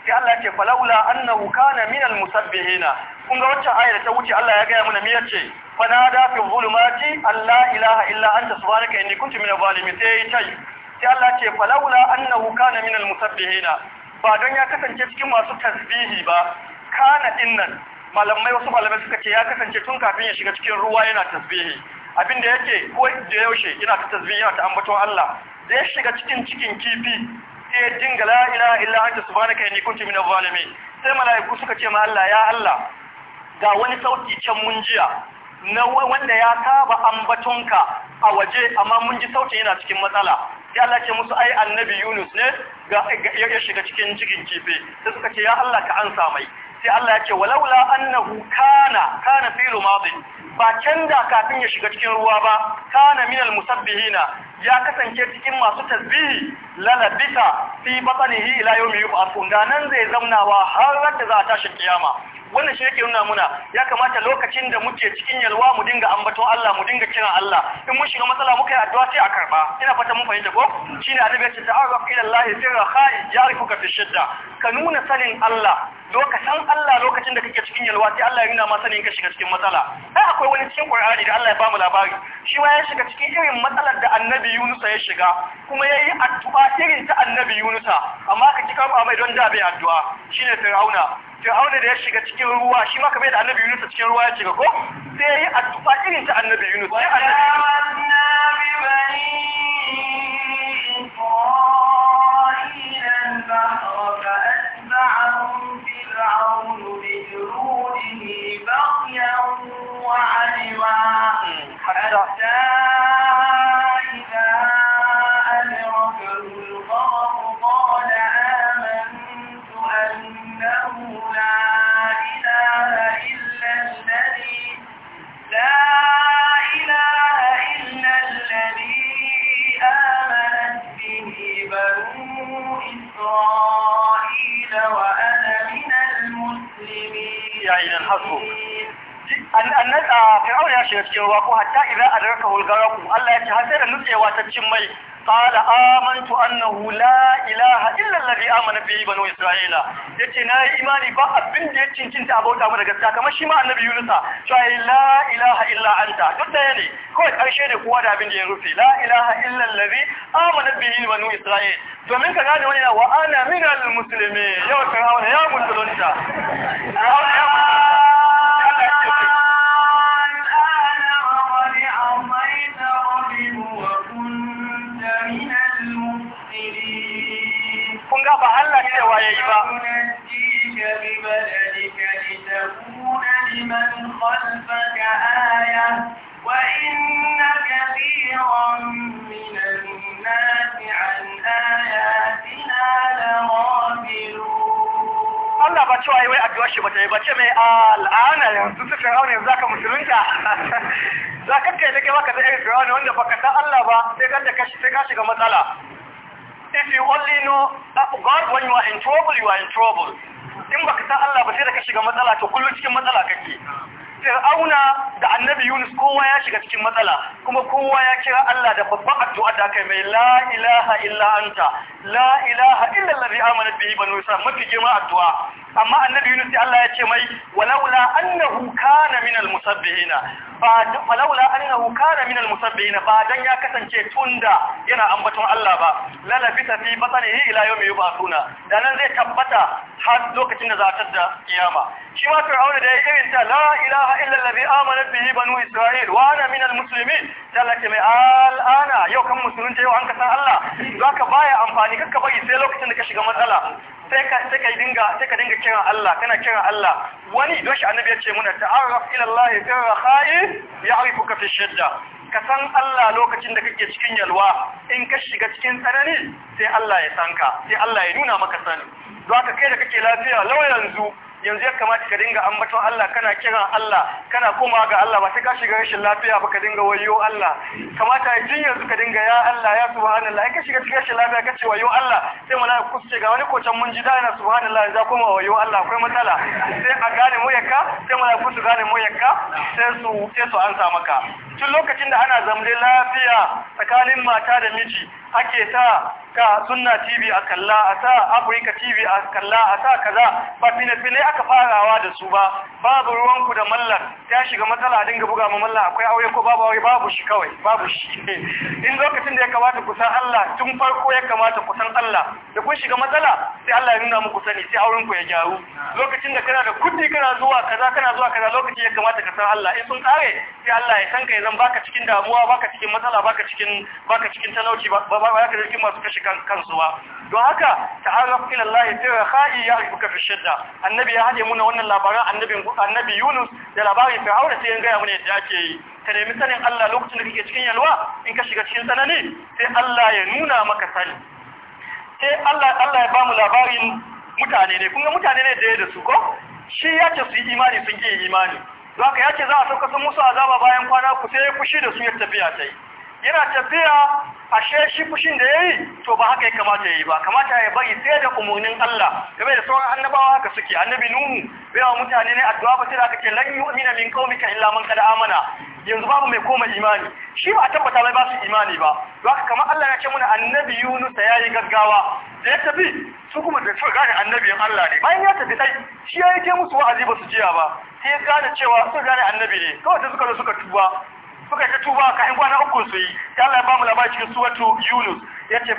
sai Allah ce falaula annahu kana min almusabbihina kun ga wacce ayar ta wuce Allah ya gaya mana me yace fanada fi zulumati alla ilaha illa anta subhanaka inni kuntu min alzalimin sai tai sai Allah ce falaula annahu kana min almusabbihina ba don ya kasance cikin masu tasbihi ba kana dinnan malamai wasu malamai suka ce ya kasance tun kafin ya shiga cikin ruwa yana tasbihi Abin da yake ko da yaushe yana ta tasbih yana ta ambaton Allah da ya shiga cikin cikin kifi ya dinga la ilaha illa anta subhanaka inni kuntu minaz zalimin sai mala'iku suka ce ma Allah ya Allah ga wani sauti can mun jiya na wanda ya saba ambatonka a waje amma mun ji sautin yana cikin matsala sai Allah ce musu ai annabi Yunus ne ga ya shiga cikin cikin kifi sai suka ce ya Allah ka ansa mai sai Allah ya ce walaula annahu kana kana fi'lu madin ba canza kafin ya shiga cikin ruwa ba kana minal musabbihina ya kasance cikin masu tasbihi lalabita fi batnihi ila yi ba da nan zai zauna wa har da za a tashi kiyama wannan shi yake nuna muna ya kamata lokacin da muke cikin yalwa mu dinga ambaton Allah mu dinga kiran Allah in mun shiga matsala muka yi addu'a sai a karba ina fata mun fahimta ko shine annabi ya ce ta'arraf ila Allah sirra khair ya'rifuka fi shidda ka nuna sanin Allah lokacin Allah lokacin da kake cikin yalwa sai Allah ya nuna ma sanin ka shiga cikin matsala ai akwai wani cikin Qur'ani da Allah ya ba mu labari shi ma ya shiga cikin irin matsalar da annabi Yunus ya shiga kuma yayi addu'a irin ta annabi Yunus amma ka kika ba mai don da bai addu'a shine Fir'auna fir'auna da ya shiga cikin ruwa shi ma kamar yadda annabi yunus cikin ruwa ya shiga ko sai ya yi addu'a irin ta annabi yunus sai annabi حتى fir'aun ya shiga cikin ruwa ko hatta idan adraka hulgaraku Allah ya ce har sai da nutsewa ta cin mai qala amantu annahu la ilaha illa alladhi amana bihi banu isra'ila yace na yi imani ba abin da ya cincinta a abota mu da gaskiya kamar shi ma annabi yunusa cewa la ilaha illa anta duk da ne kawai karshe ne kowa da abin da ya rufe la ilaha illa alladhi amana bihi banu isra'ila domin ka gane wani wa ana minal muslimin yau fir'aun ya musulunta fir'aun ya musulunta yasa ba Allah cewa yayi ba Allah ba cewa wai addu'ar shi bata yi ba ce mai al'ana yanzu su Fir'auna yanzu zaka musulunta za ka kai da kai baka da irin Fir'auna wanda baka san Allah ba sai kan da sai ka shiga matsala if you only know God when you are in trouble you are in trouble in baka san Allah ba sai da ka shiga matsala to kullum cikin matsala kake Fir'auna da Annabi Yunus kowa ya shiga cikin matsala kuma kowa ya kira Allah da babban addu'a da kai mai la ilaha illa anta la ilaha illa allazi amana bihi banu sa mafi girma addu'a amma annabi Yunus sai Allah ya ce mai walaula annahu kana min almusabbihin ba walaula annahu kana min ba dan ya kasance tunda yana ambaton Allah ba lala bisa fi batanihi ila yawmi yub'athuna dan zai tabbata har lokacin da za ta da kiyama shi ma fir'auna da ya irin ta la ilaha illa allazi amana bihi banu isra'il wa ana min dalla ke mai al'ana yau kan musulunta yau an kasan Allah zaka baya amfani kakka bari sai lokacin da ka shiga matsala sai ka sai ka dinga sai ka dinga kiran Allah kana kira Allah wani don shi annabi ya ce muna ta'arraf ila Allah fi rakhai ya'rifuka fi shidda ka san Allah lokacin da kake cikin yalwa in ka shiga cikin tsanani sai Allah ya sanka sai Allah ya nuna maka sani don haka kai da kake lafiya lau yanzu yanzu ya kamata ka dinga ambaton Allah kana kiran Allah kana kuma ga Allah ba sai ka shiga rashin lafiya ba ka dinga wayo Allah kamata ya tun yanzu ka dinga ya Allah ya subhanallah in ka shiga cikin rashin lafiya ka ce wayo Allah sai mala ku ce ga wani kocan mun ji da ina subhanallah za kuma wayo Allah akwai matsala sai a gane mu yakka sai mala'iku su gane mu yakka sai su sai su ansa maka tun lokacin da ana zamle lafiya tsakanin mata da miji ake sa ka sunna tv a kalla a sa afirka tv a kalla a sa kaza ba fina-finai aka farawa da su ba babu ruwanku da mallar ta shiga matsala a dinga buga ma mallar akwai aure ko babu aure babu shi kawai babu shi in lokacin da ya kamata ku san Allah tun farko ya kamata ku san Allah da kun shiga matsala sai Allah ya nuna muku sani sai auren ku ya gyaru lokacin da kana da kudi kana zuwa kaza kana zuwa kaza lokacin ya kamata ka san Allah in sun kare sai Allah ya san ka ya zan baka cikin damuwa baka cikin matsala baka cikin baka cikin talauci ba ba ba ka cikin masu kashe kansu ba don haka ta'arraf ila Allah tira kha'i ya rubuka fi shidda annabi ya hade muna wannan labaran annabin annabi Yunus da labarin Fir'auna sai ya ga mu ne da ake yi ka nemi sanin Allah lokacin da kake cikin yalwa in ka shiga cikin tsanani sai Allah ya nuna maka sani sai Allah Allah ya mu labarin mutane ne kun ga mutane ne da yadda su ko shi ya ce su yi imani sun yi imani Don haka ya ce za a sauka sun musu azaba bayan kwana ku sai ku shi da su ya tafiya ta yana tafiya a sheshi fushin da ya yi? to ba haka ya kamata ya yi ba kamata ya bari sai da umarnin Allah game da sauran annabawa haka suke annabi nuhu bai mutane ne addu'a ba sai da aka ce lan yu'mina min qaumika illa man qad amana yanzu babu mai koma imani shi ba a tabbata bai ba su imani ba to haka kamar Allah ya ce mana annabi Yunus yayi gaggawa da ya tafi su kuma da su gane annabiyan Allah ne bayan ya tafi sai shi ya yi musu wa'azi ba su jiya ba sai ya gane cewa su gane annabi ne kawai sai suka zo suka tuba suka ta tuba ka in kwana uku su yi Allah ya bamu labari cikin suratu Yunus yace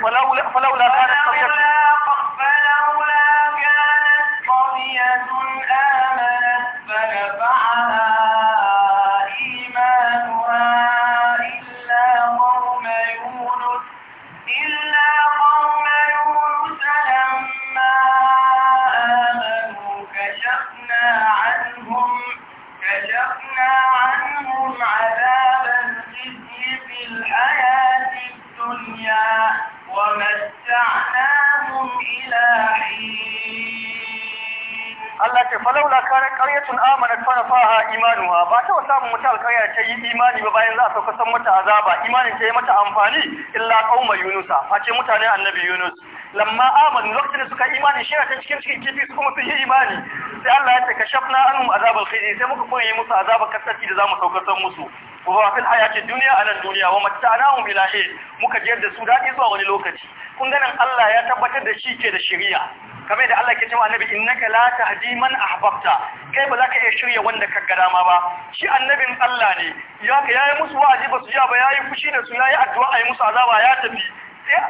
laula kana qaryatun amanat fa nafaha imanuha ba ta samun wata alƙarya ta yi imani ba bayan za a sauka mata azaba imanin ta yi mata amfani illa qauma yunusa face mutane annabi yunus lamma amanu lokacin suka suka imani shi ta cikin cikin kifi su kuma sun yi imani sai Allah ya taka shafna anhum azabar khizi sai muka koyi musu azabar kasati da zamu sauka san musu wa fil hayati dunya anan duniya wa matta'nahum ila hin muka jiyar da su dadi zuwa wani lokaci kun ganin Allah ya tabbatar da shi ke da shiriya. kamar da Allah ke cewa annabi innaka la tahdi man ahbabta kai ba za ka iya shirya wanda ka gada ma ba shi annabin Allah ne ya ka yayi musu wa'azi ba su ja ba yayi fushi da su yayi addu'a ayi musu azaba ya tafi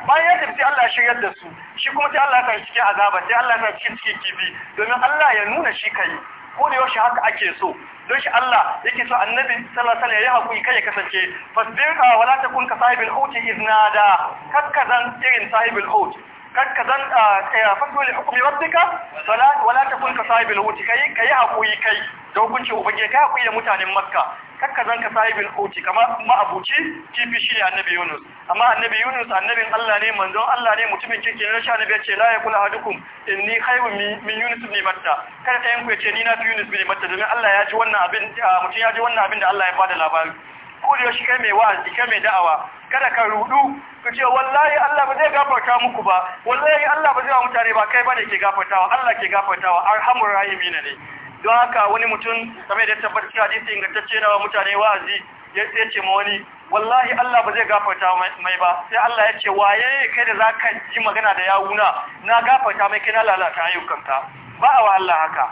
bayan ya tafi sai Allah ya shiryar da su shi kuma sai Allah ya kai cikin azaba sai Allah ya cikin cikin kibi domin Allah ya nuna shi kai ko da yaushe haka ake so don shi Allah yake so annabi sallallahu alaihi ya hakuri kai ya kasance fasdiqa wala takun ka sahibul hut idnada kakkazan irin sahibul ot. kan ka zan ah, eh, fasu da hukumi rabbika wala ta kun ka sahibul huti kai kai hakuri kai da hukunci ubangiji kai hakuri da mutanen makka kan ka zan ka sahibul huti kama ma'abuci kifi shi ne annabi yunus amma annabi yunus annabin Allah ne manzon Allah ne mutumin kirki ne sha annabi ya ce la yakul ahadukum inni haihu min yunus ibn matta kada ta yanku ya ce ni na fi yunus ibn matta domin Allah ya ji wannan abin ah, mutum ya ji wannan abin da Allah ya bada labari kurewa shi kai mai wa'azi kai mai da'awa kada ka rudu ka ce wallahi Allah ba zai gafarta muku ba wallahi Allah ba zai wa mutane ba kai bane ke gafartawa Allah ke gafartawa arhamur rahimin ne don haka wani mutum kamar da tabbatar cewa hadisi ingantacce na mutane wa'azi ya ce ma wani wallahi Allah ba zai gafarta mai ba sai Allah ya ce waye kai da zaka yi magana da yawuna na gafarta mai kai na lalata ayyukanka ba a wa Allah haka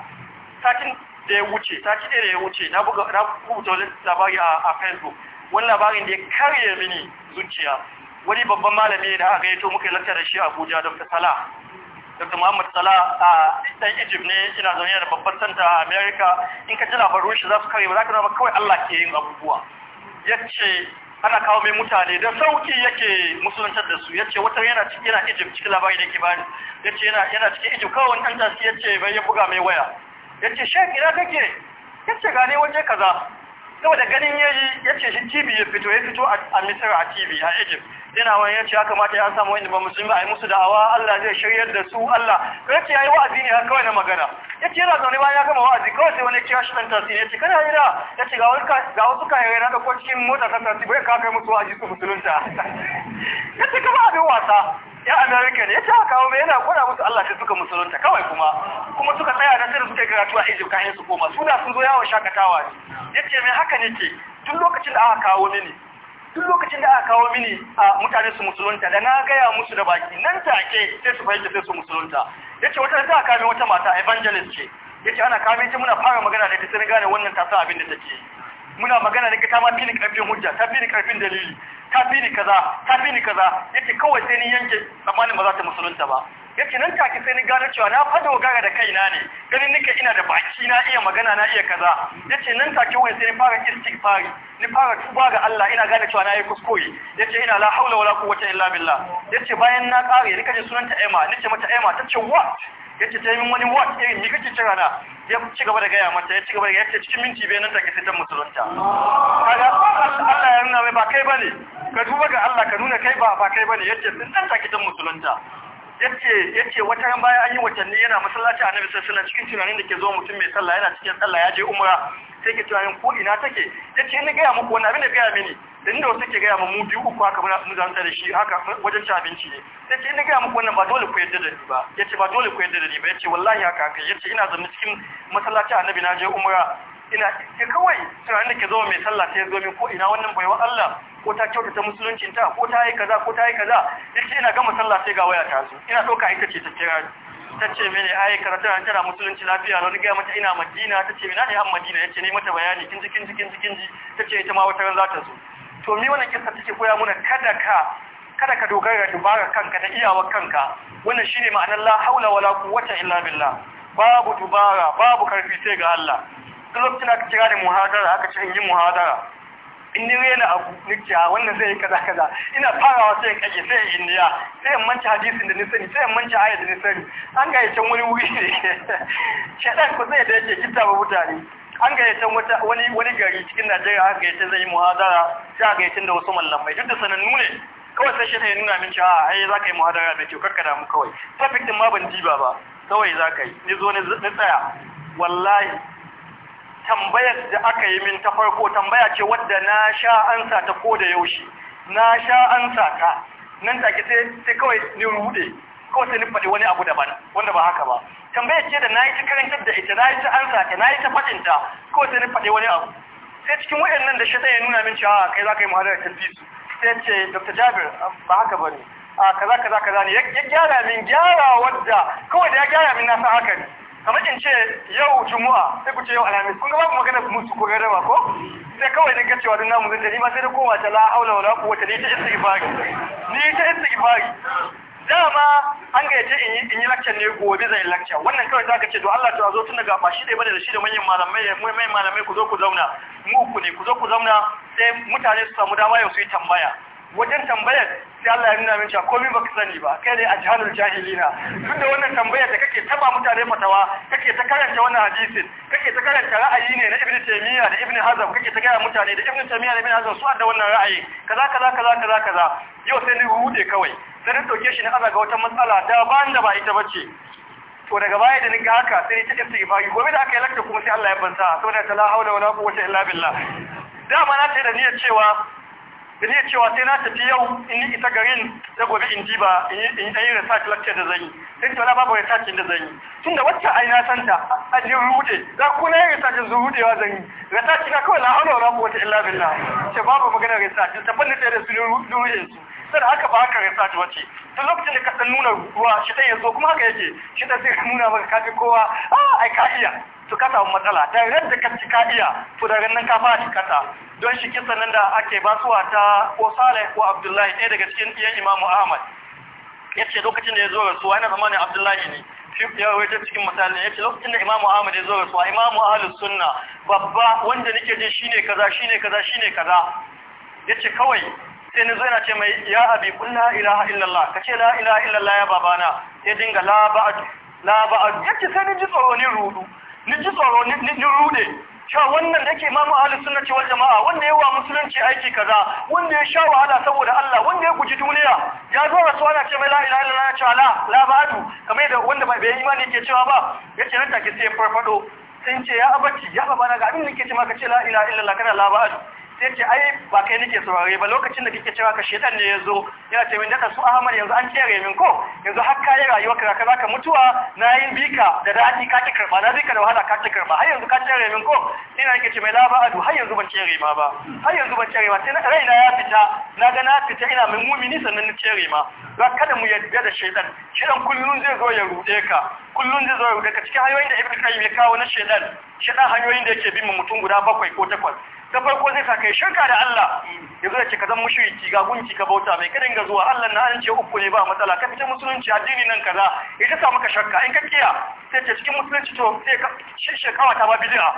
da ya wuce ta ɗaya da ya wuce na buga na rubuta wani labari a facebook wani labarin da ya karye mini zuciya wani babban malami da aka yi to muka lakta da shi a abuja dr salah dr muhammad salah a ɗan egypt ne ina zaune da babban santa a america in ka ji labarun shi za su karye ba za ka zama kawai allah ke yin abubuwa ya ce ana kawo mai mutane da sauki yake musuluntar da su ya ce wata yana cikin egypt cikin labarin da ke bani ya ce yana cikin egypt kawai wani ɗan tasiri ya ce bai ya buga mai waya ya ce shek ina kake ya ce gane waje kaza saboda ganin ya yi ya ce tv ya fito ya fito a misir a tv a egypt yana wani ya ce ya kamata ya samu wani ba musulmi a yi musu da'awa allah zai shiryar da su allah ya ce ya yi wa'azi ne kawai na magana ya yana zaune bayan ya gama wa'azi kawai sai wani kira shi ɗan tasiri ya ce kana yi da ya ce ga wasu kayayyar na da cikin mota ta tasiri bai kai musu wa'azi su musulunta ya ce kama abin wasa ya amerika ne ya ce kawo wa yana gwada musu Allah sai suka musulunta kawai kuma kuma suka tsaya na sai suka karatu a Egypt kayan su koma su da sun zo yawon shakatawa ne ya ce mai haka ce tun lokacin da aka kawo mini tun lokacin da aka kawo mini a mutane su musulunta da na gaya musu da baki nan take sai su fahimta sai su musulunta ya ce wata da aka kawo wata mata evangelist ce ya ce ana kawo ta muna fara magana da ita sai gane wannan ta sa abin da take muna magana da ita ma fi ni karfin hujja ta fi ni karfin dalili ta ni kaza ta ni kaza yace kawai sai ni yanke tsammanin ba za ta musulunta ba yace nan take sai ni gano cewa na fada gaga da kaina ne ganin nika ina da baki na iya magana na iya kaza yace nan take wai sai ni fara istighfari ni fara tuba ga Allah ina gane cewa na yi kuskure yace ina la haula wala quwwata illa billah yace bayan na kare nika je sunanta Emma nace mata Emma tace what ya ce taimin wani wat irin ni kake cira na ya ci gaba da gaya mata ya ci gaba da ya ce cikin minti bai nan take sai ta musulunta kaga Allah ya nuna mai ba kai bane ka duba ga Allah ka nuna kai ba ba kai bane yace sun ta take ta musulunta yace yace wata ran baya an yi watanni yana masallaci annabi sallallahu alaihi wasallam cikin tunanin da ke zo mutum mai sallah yana cikin sallah ya je umra sai ke tunanin ko ina take yace ni ga muku wani abin da ga mini da inda wasu ke gaya ma mu biyu uku haka mu zanta da shi haka wajen ci abinci ne ya ce ina gaya muku wannan ba dole ku yadda da ni ba ya ce ba dole ku yadda da ni ba ya ce wallahi haka haka ya ce ina zama cikin masallaci annabi na je umra ina ke kawai tunanin da ke zama mai sallah sai zo min ko ina wannan baiwa Allah ko ta kyautata musulunci ta ko ta yi kaza ko ta yi kaza ya ce ina gama sallah sai ga waya ta zo ina doka ita ce ta kira ta ce mene ai karatu an tara musulunci lafiya wani gaya mata ina madina ta ce mina ne an madina ya ce ne mata bayani Kin ji kin ji ta ce ita ma wata ran za ta zo to ni wannan kissa take koya muna kada ka kada ka dogara ga dubara kanka da iyawar kanka wannan shine ma'anar la haula wala quwwata illa billah babu dubara babu karfi sai ga Allah Kullum lokacin kira da muhadara aka ce in yi muhadara in ni rena abu nake a wannan zai yi kaza kaza ina farawa sai in kage sai in niya sai in manta hadisin da ni sani sai in manta ayatin da ni sani an ga yace wani wuri ne shedan ko zai da yake kitta mutane an gayyace wani wani gari cikin Najeriya an gayyace zai yi muhadara sai a gayyace da wasu mallamai duk da sanannu ne kawai sai shi ya nuna min cewa ai za ka yi muhadara mai kyau karka damu kawai topic din ma ban diba ba kawai za ka yi ni zo ni tsaya wallahi tambayar da aka yi min ta farko tambaya ce wadda na sha ansa ta ko da yaushe na sha ansa ta nan take sai kawai ni rude kawai sai nufa wani abu daban wanda ba haka ba tambaya ce da nayi ta karantar da ita nayi ta ansa ta nayi ta faɗinta. kawai sai nufa wani abu sai cikin wayannan da shaitan ya nuna min cewa kai za ka yi muhadara talbisu sai ce Dr. Jabir ah, ba haka bane a kaza kaza kaza ne ya gyara min gyara wadda kawai da ya gyara min na san haka ne kamar in ce yau juma'a sai ku ce yau alhamis kun ga babu magana musu ko gare ko sai kawai daga gacewa don namu zai ni ma sai da koma ta la haula wala quwwata ni ta istighfari ni ta istighfari dama an gayyace in yi lakcan ne gobe zai lakcan wannan kawai zaka ce to Allah ta zo tun daga ba shi dai bane da shi da manyan malamai mai malamai ku zo ku zauna mu ku ne ku zo ku zauna sai mutane su samu dama yau su yi tambaya wajen tambayar sai Allah ya nuna min cewa komai baka sani ba kai ne ajhalul jahilina duk da wannan tambayar da kake taba mutane fatawa kake ta karanta wannan hadisin kake ta karanta ra'ayi ne na Ibn Taymiyyah da Ibn Hazm kake ta gaya mutane da Ibn Taymiyyah da Ibn Hazm su da wannan ra'ayi kaza kaza kaza kaza kaza yau sai ni hude kawai sai ni shi ne aza ga wata matsala da ba da ba ita bace to daga baya da ga haka sai ta istighfari gobe da aka yi kuma sai Allah ya banta saboda ta la haula wala quwwata illa billah dama na ce da niyyar cewa da zai cewa sai na tafi yau in yi isa garin da gobe in ji ba, in yi research lecture da zan yi sai to na babu research da zan yi tunda wacce ai na santa a jin rude za ku na yi research zu rudewa zan yi research na kawai la'ana wa wala wata illa billah ce babu ta research tabbata da su rude su sai haka ba haka research wace ta lokacin da ka san nuna ruwa shi ta yanzu kuma haka yake shi ta sai nuna maka kafi kowa a ah, ai su kasa matsala da ran da ka cika iya to da nan ka fara kasa don shi kisan nan da ake basuwa ta ko Saleh ko Abdullahi ɗaya daga cikin iyan Imam Ahmad yace lokacin da ya zo rasuwa ina zamanin Abdullahi ne shi ya wajen cikin misalin yace lokacin da Imam Ahmad ya zo rasuwa Imam Ahlus Sunna babba wanda nake ji shine kaza shine kaza shine kaza yace kawai sai ni zo yana ce mai ya abi kun la ilaha illallah kace la ilaha illallah ya babana ya dinga la ba'd la ba'd yace sai ni ji tsoro ni rudu ni ji tsoro ni rude cewa wannan yake ma ahlus sunnati wal jamaa wanda yawa musulunci aiki kaza wanda ya sha wahala saboda Allah wanda ya guji duniya ya zo rasu ana ce mai la ilaha illallah ce ala la ba'du kamar da wanda bai imani yake cewa ba yace nan take sai farfado sai ce ya abaci ya baba na ga abin da yake ce maka ce la ilaha illallah kana la sai ce ai ba kai nake saurare ba lokacin da kike cewa ka shedan ne yazo yana ce min daka su Ahmad yanzu an kere min ko yanzu har ka yi rayuwa ka kaza ka mutuwa na yi bika da dadi ka ki karba na bika da wahala ka ki karba har yanzu ka kere min ko ina yake ce mai adu har yanzu ban kere ma ba har yanzu ban kere ma sai na raina ya fita na ga na fita ina mai mumini sannan na kere ma za kada mu yadda da shedan shedan kullun zai zo ya rude ka kullun zai zo ya rude ka cikin hanyoyin da Ibn Qayyim ya kawo na shedan shedan hanyoyin da yake bin mutum guda bakwai ko takwas ta farko zai sa kai shirka da Allah ya zo ce ka zan ci ga gunki ka bauta mai kadin ga zuwa Allah na an ce uku ne ba matsala ka fita musulunci addini nan kaza ya ta samu maka shakka in ka kiya sai ce cikin musulunci to sai ka shekawa ta ba bid'a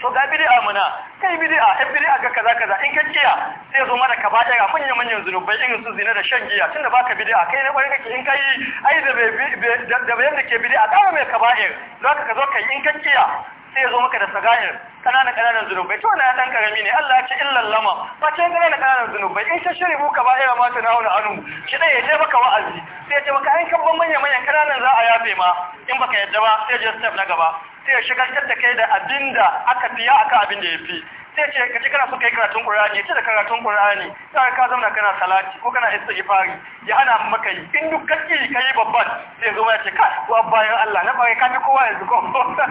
to ga bid'a mana kai bid'a ai bid'a ga kaza kaza in ka kiya sai zo mana ka bada ga manya manyan zunubai irin su zina da shan giya tunda baka bid'a kai ne kwarin kake in kai ai da bai da bayan da ke bid'a kama mai kaba'in. zaka ka zo kai in ka kiya sai ya zo maka da sagayar kananan kananan zunubai to wannan dan karami ne Allah ya ce illal lama ba ce kananan kananan zunubai in ta shiri muka ba ai eh, ma ta wani anu ki dai ya je maka wa'azi sai ya ce maka ai kan ban manyan manyan kananan za a yafe ma in baka yadda ba sai ya je step na gaba sai ya shigar da kai da abinda aka fiya aka abin da ya fi sai ce kaje kana so kai karatun Qur'ani ce da karatun Qur'ani sai ka zauna kana salati ko kana istighfari ya hana maka yi in duk kake kai babban sai zo ya ce ka ko bayan Allah na bare kaji kowa yanzu ko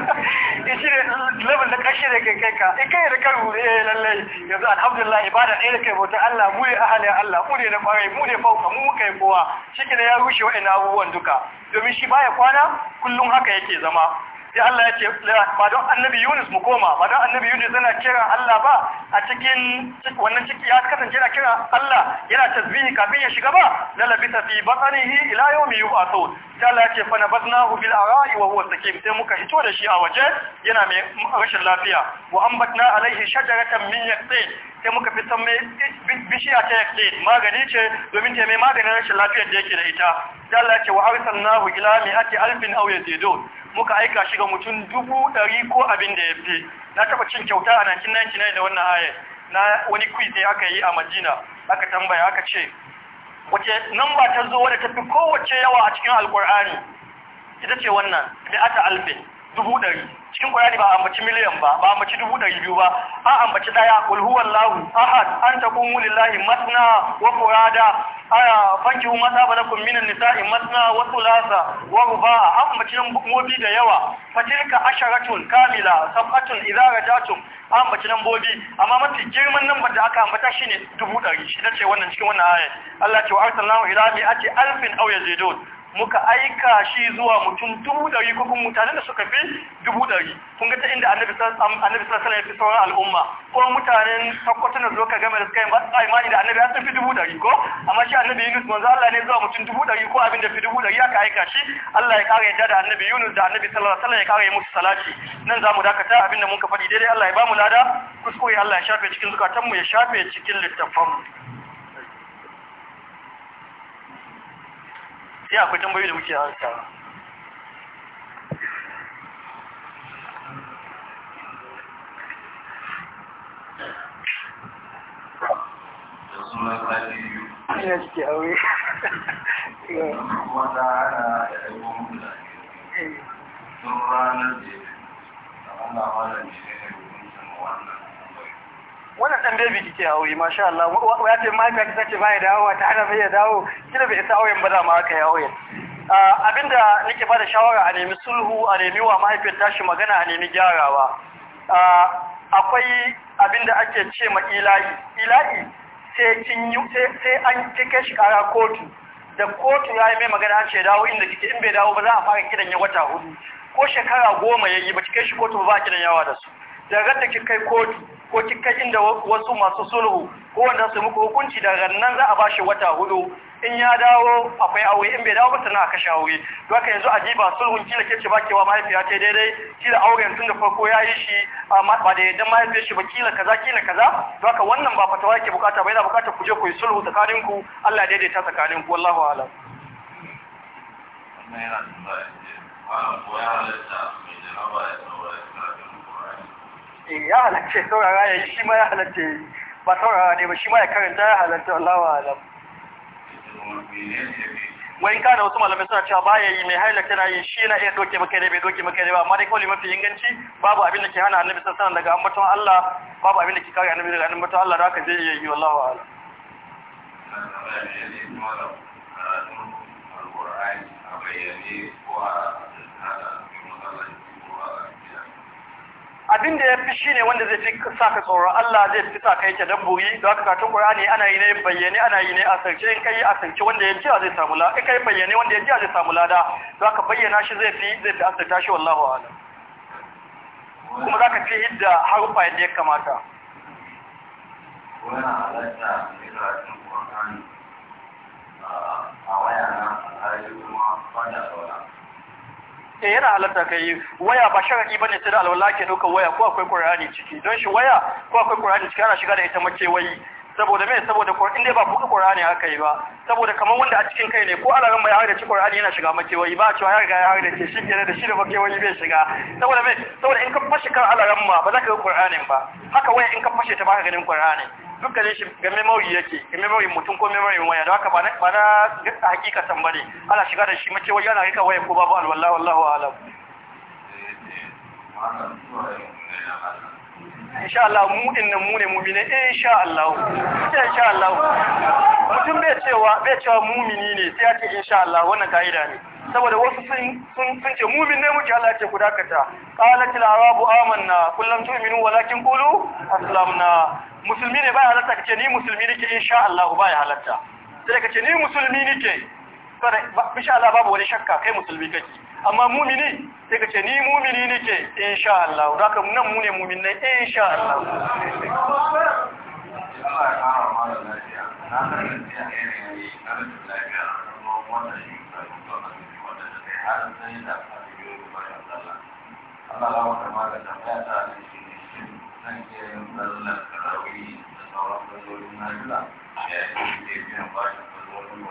eh, shi ne level da kashe da kai ka in eh, kai da karu eh lalle yanzu alhamdulillah ibada ɗaya da kai bauta Allah mu ne ahalin Allah mu ne na kwarai mu ne fauka mu kai kowa shi ne ya rushe wa'annan abubuwan duka domin shi baya kwana kullum haka yake zama sai Allah ya ce ba don annabi Yunus mu koma ba don annabi Yunus yana kira Allah ba a cikin wannan ciki ya kasance yana kira Allah yana tasbihi kafin ya shiga ba la labisa fi batnihi ila yawmi yub'athun sai Allah ya ce fa a bil ara'i wa huwa sakim sai muka hito da shi a waje yana mai rashin lafiya wa ambatna alaihi shajaratan min yaqtin sai muka fi san mai bishiya ta yake magani ce domin ta mai maganin rashin lafiyar da yake da ita da Allah ce wa arsalnahu ila ake alfin aw yazidun muka aika shi ga mutum dubu ɗari ko abin da ya fi na taɓa cin kyauta a 1999 da wannan aya na wani quiz ne aka yi a Madina aka tambaya aka ce wace namba ta zo wadda ta fi kowace yawa a cikin Alƙur'ani? ita ce wannan da ata alfin dubu ɗari cikin bayani ba ambaci miliyan ba ba ambaci dubu ɗari biyu ba a ambaci ɗaya qul huwallahu ahad an taqumu lillahi masna wa furada aya fankihu ma sabalakum minan nisa'i masna wa thulatha wa ruba'a an ambaci mobi da yawa fatilka asharatun kamila sabatun idza rajatum an ambaci bobi amma mafi girman nan da aka ambata shine dubu ɗari shi ce wannan cikin wannan aya Allah ce wa arsalnahu ila ati alfin aw yazidun muka aika shi zuwa mutum dubu dari ko kuma mutanen da suka fi dubu dari. kun ga ta inda annabi sallallahu alaihi fi sauran al'umma ko mutanen takwata na zuwa game da suka yi imani da annabi sun fi dubu dari ko amma shi annabi Yunus manzo Allah ne zuwa mutum dubu dari ko abin da fi dubu dari aka aika shi Allah ya kare yadda da annabi Yunus da annabi sallallahu alaihi wasallam ya kare musu salati nan za mu dakata abin da muka faɗi daidai Allah ya ba mu lada kuskure Allah ya shafe cikin zukatanmu ya shafe cikin littafanmu sai akwai tambayi da muke haska ina cike aure kuma ta hana da ɗaukun mutane eh. sun ranar da ya fi da wanda wanda ne wannan dan baby kike aure masha Allah ya ce mahaifiya kisa ce ba dawo ta hana mai dawo kina bai isa auren ba da haka aka ya auren abinda nake bada shawara a nemi sulhu a nemi wa mahaifiyar tashi magana a nemi gyarawa akwai abinda ake ce ma ilahi ila'i sai kin yi sai an kike shi kara kotu da kotu ya yi mai magana an ce dawo inda kike in bai dawo ba za a fara kidan ya wata hudu ko shekara goma ya yi ba kike shi kotu ba kidan yawa da su da ranta kike kai kotu ko kikkakin da wasu masu sulhu ko wanda su muku hukunci daga nan za a shi wata hudu in ya dawo akwai aure in bai dawo ba sannan a kashe aure don haka yanzu jiba sulhun kila ke ce bakewa mahaifiya ta daidai kila auren tun da farko ya yi shi ba da yadda mahaifiyar shi ba kila kaza kila kaza don haka wannan ba fatawa yake bukata ba yana bukata ku je ku yi sulhu tsakanin ku Allah daidaita tsakanin ku wallahu a'lam. Wannan yana tambaya ce, eh, ba ya halarci saurara ya shi ma ya halarci ba saurara ne ba shi ma ya karanta ya halarci Allah wa alam wai kana wasu malamai suna cewa baya yi mai haila na yi shi na iya doke maka ne bai doke maka ne ba amma dai kawai mafi inganci babu abin da ke hana annabi sassan daga ambaton Allah babu abin da ke kare annabi daga ambaton Allah da aka zai iya yi wallahu alam a bayyane ko a abin da ya fi shi ne wanda zai fi sa ka tsoron Allah zai fi sa ka yake dabbobi da haka karatun Qur'ani ana yi ne bayyane ana yi ne a sarce in kai a sarce wanda ya ji zai samu lada in kai bayyane wanda ya ji zai samu lada da haka bayyana shi zai fi zai fi asirta shi wallahu a'lam kuma za ka fi hidda harufa yadda ya kamata wannan halatta ne karatun Qur'ani a waya na a kuma fada saurara E yana halatta ka yi waya ba ba bane sai da alwala ke ɗaukar waya ko akwai qur'ani ciki don shi waya ko akwai qur'ani ciki ana shiga da ita wai saboda me saboda qur'ani dai ba buka qur'ani aka yi ba saboda kamar wanda a cikin kai ne ko alaran bai har da ci qur'ani yana shiga wai ba cewa ya riga ya har da shi kenan da shi da makewayi bai shiga saboda me saboda in ka fashe kan alaran ma ba za ka ga qur'anin ba haka waya in ka fashe ta ba ka ganin qur'ani dukkanin shi ga memory yake ga memory mutum ko memory waya da haka ba na gaskiya hakikatan bane ana shiga da shi mace waya na rika waya ko babu alwala wallahu alam insha Allah mu innan mu ne mu'mine insha Allah insha Allah mutum bai cewa bai cewa mu'mini ne sai ya ce insha Allah wannan kaida ne saboda wasu sun sun ce mumin ne muke Allah ku dakata qalatil arabu amanna kullam tu'minu walakin qulu aslamna musulmi ne baya halatta kace ni musulmi nike insha Allah baya halatta sai kace ni musulmi nike, kada insha Allah babu wani shakka kai musulmi kake amma mumini sai kace ni mumini nike, insha Allah haka nan mu ne muminai insha Allah na har eh, yi bayan da sauran yayin da ke biyan bashin da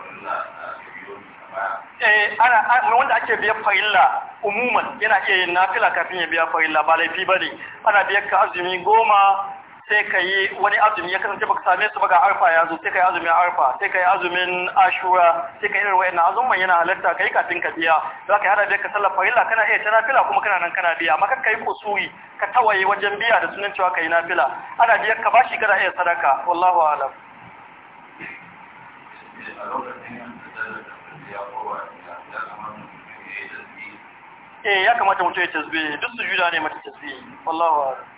ke wanda ake biyan farilla umuman yana iya yin nafila kafin ya biya farilla ba laifi bane ana biyan ka azumi goma sai ka yi wani azumi ya kasance baka same su ba arfa ya zo sai ka yi azumin arfa sai ka yi azumin ashura sai ka yi irin wa'annan azumin yana halarta Ka yi kafin ka biya za ka yi da ka sallar farilla kana iya ta nafila kuma kana nan kana biya amma ka yi kusuri ka tawaye wajen biya da sunan cewa ka yi nafila ana biyar ka bashi kana iya sadaka wallahu alam eh ya kamata mutum ya tasbihi duk sujuda ne mata tasbihi wallahu alam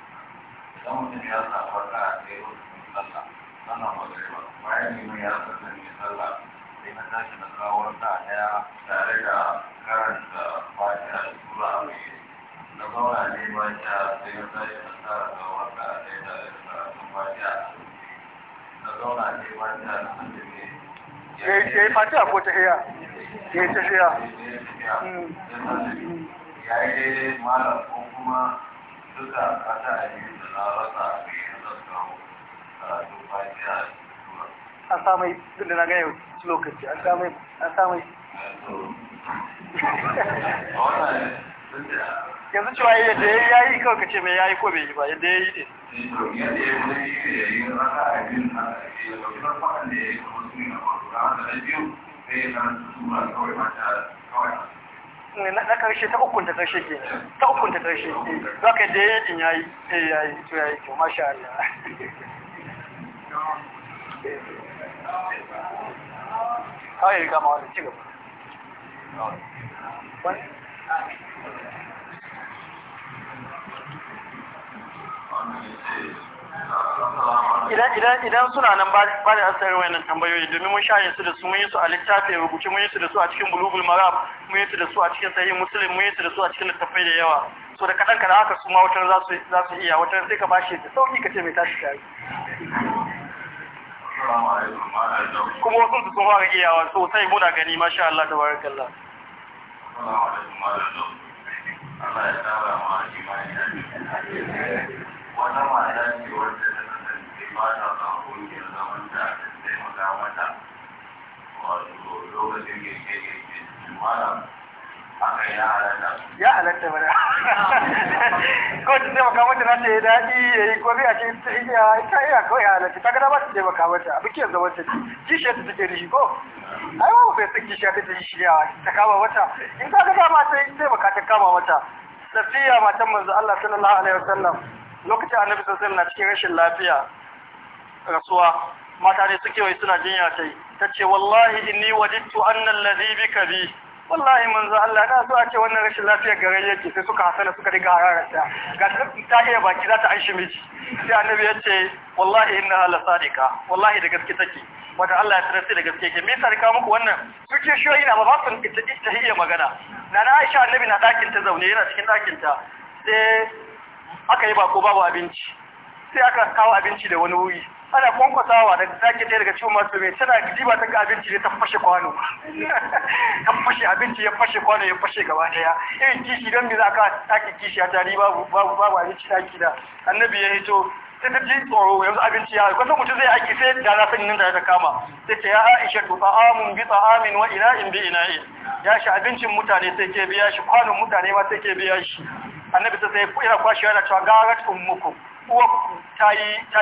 idan mutum ya samu wata a kai wani sallah sannan ba sallah magariba bayan mai ya sallah ne sallah sai na tashi na kawo wata ɗaya tare da karanta fatiha da sura mai na zauna ne ba ta sai na tashi na kara kawo wata ɗaya da karatun fatiha na zauna ne ba ta na hanjimi ya yi fatiha ko ta hiya ya yi eh, ta hiya eh, mm. ya yi daidai malam ko kuma duka kasa a biyu sa mai tun da na lokaci an sa mai an sa mai yanzu cewa yadda ya yi kawai kace mai ya yi ko bai yi ba yadda ya yi ne na karshe ta ukun ta karshe ke ta ukun ta karshe za ka da ya yi eh, ya yi to ya to masha Allah kawai riga idan suna nan ba da asarin wayannan tambayoyi domin mun shaye su da su mun yi su a littafi rubuce mun yi su da su a cikin bulugul marab mun yi su da su a cikin sahih muslim mun yi su da su a cikin littafai da yawa so da kadan kadan haka su ma wutar za su iya wutar sai ka bashi da sauki ka ce mai tashi tare kuma wasu su kuma ga iyawa sosai muna gani masha Allah da barakallah Allah ya tsara ma imani wata mata ce wadda ta kasance ba ta son kungiyar da ta taimaka mata wato lokacin girke-girke malam ya halatta bane ko ta taimaka mata na ta yi daɗi ya yi ko a ce ta iya ta iya kawai ya halatta ta gada ba ta taimaka mata a bukiyar zaman ta kishiyar ta take rishi ko ai ba bai san kishiyar ta yi shi ta kama mata in ta gada ma ta taimaka ta kama mata safiya matan manzo Allah sallallahu alaihi wasallam lokacin annabi sallallahu alaihi na cikin rashin lafiya rasuwa mata ne suke wai suna jinya ta yi ta ce wallahi inni wajidtu anna alladhi bika bi wallahi manzo Allah na so a ce wannan rashin lafiyar gare yake sai suka hasala suka riga hararta ga ta iya baki za ta anshi miji sai annabi ya ce wallahi inna la sadika wallahi da gaske take wata Allah ya tsare da gaske ke me yasa rika muku wannan suke shoyi na ba ba su ita tahiyya magana nana Aisha annabi na dakin ta zaune yana cikin dakin ta sai aka yi bako babu abinci sai aka kawo abinci da wani wuri ana kwankwasawa da sake ɗaya daga cikin masu mai tana jiba ta ga abinci ne ta fashe kwano ta fashe abinci ya fashe kwano ya fashe gaba ɗaya irin kishi don me za ka sake kishi a tari babu babu babu abinci ɗaki da annabi ya hito sai ta ji tsoro yanzu abinci ya kwasa mutum zai aiki sai da na sanin da ta kama sai ta ya aisha tu ta'amun bi ta'amin wa ina'in bi ina'in ya shi abincin mutane sai ke biya shi kwanon mutane ma sai ke biya shi annabi sai sai ina kwashi yana cewa garat muku.' uwarku ta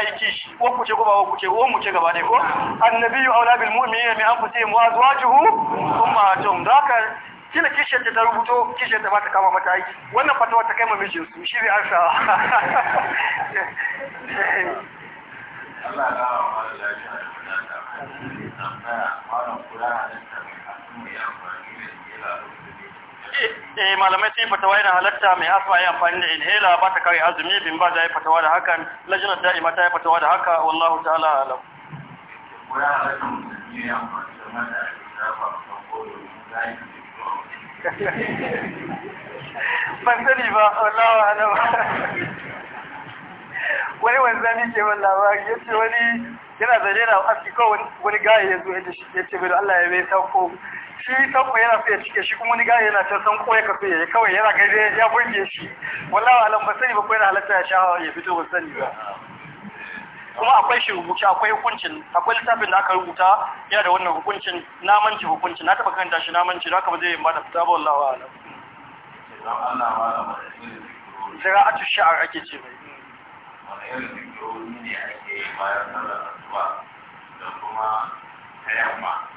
yi kishi ce ko ba ko annabiyu aula bil mu'minina min anfusihim wa azwajuhu zaka ta rubuto kishiyar ta ba ta kama mata aiki wannan fatawa ta kai mamijin su shi ne an wa Allah ya kula mai ya eh malamai sun fatawa yana halatta mai asma ya amfani da inhaler ba ta kare azumi bin ba da ya fatawa da hakan lajinar da'ima ta yi fatawa da haka wallahu ta'ala alam ban sani ba wallahu alam wani wanzami ke min labari ya ce wani yana zane na wasu kawai wani gaya ya zo ya ce bai Allah ya bai sauko shi sauko yana so ya cike shi kuma wani gaya yana can sanko ya kafe ya kawai yana gaje ya burge shi wallahi alam ba sani ba ko yana halatta ya sha ya fito ba sani ba kuma akwai shi rubuce akwai hukuncin akwai littafin da aka rubuta yana da wannan hukuncin namanci hukuncin na taba karanta shi namanci da aka ba zai yi ba da fita ba wallahi alam. Shari'atu sha'ar ake ce mai. 我那个朋友今年也买了，是吧？六十万，才两万。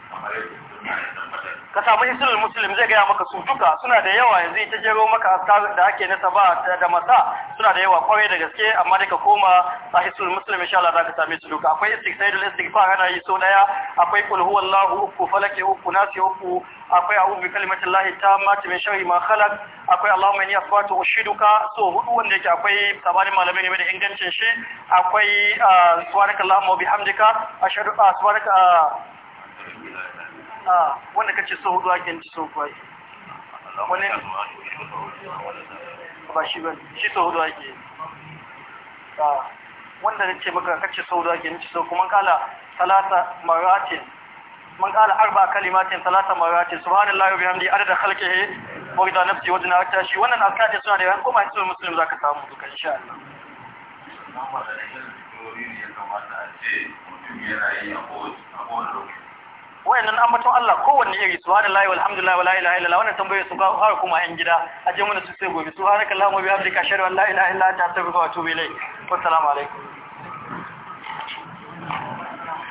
ka samu isilul muslim zai gaya maka su duka suna da yawa yanzu ta jero maka askarin da ake nasa ba da masa suna da yawa kwarai da gaske amma da ka koma a isilul muslim insha Allah ka same su duka akwai istiqsaidul istighfar ana yi so daya akwai kul huwallahu uku falaki uku nasi uku akwai a'udhu bi kalimatillahi tammati min sharri ma khalaq akwai allahumma inni asbatu ushiduka so hudu wanda yake akwai sabanin malamai game da ingancin shi akwai ah, subhanakallahumma wa bihamdika ashhadu ah, subhanaka ah, a ah, wanda kace so hudu ake ci so hudu ake wani ba shi ba shi so hudu ake a ah, wanda nace maka kace so hudu ake ci so kuma kala talata maratin man kala arba kalimatin talata maratin subhanallahi wa bihamdi adada khalqihi wa rida nafsi wa dinaka tashi wannan azkar suna da yan kuma cikin muslim zaka samu duka insha Allah da irin ya kamata a ce mutum yana wayannan ambaton Allah kowanne iri subhanallahi wa wala ilaha illallah wannan tambaye su ga har kuma yan gida aje mana su sai gobe subhanakallahumma bihamdika ashhadu an la ilaha illa anta astaghfiruka wa atubu ilayk assalamu alaikum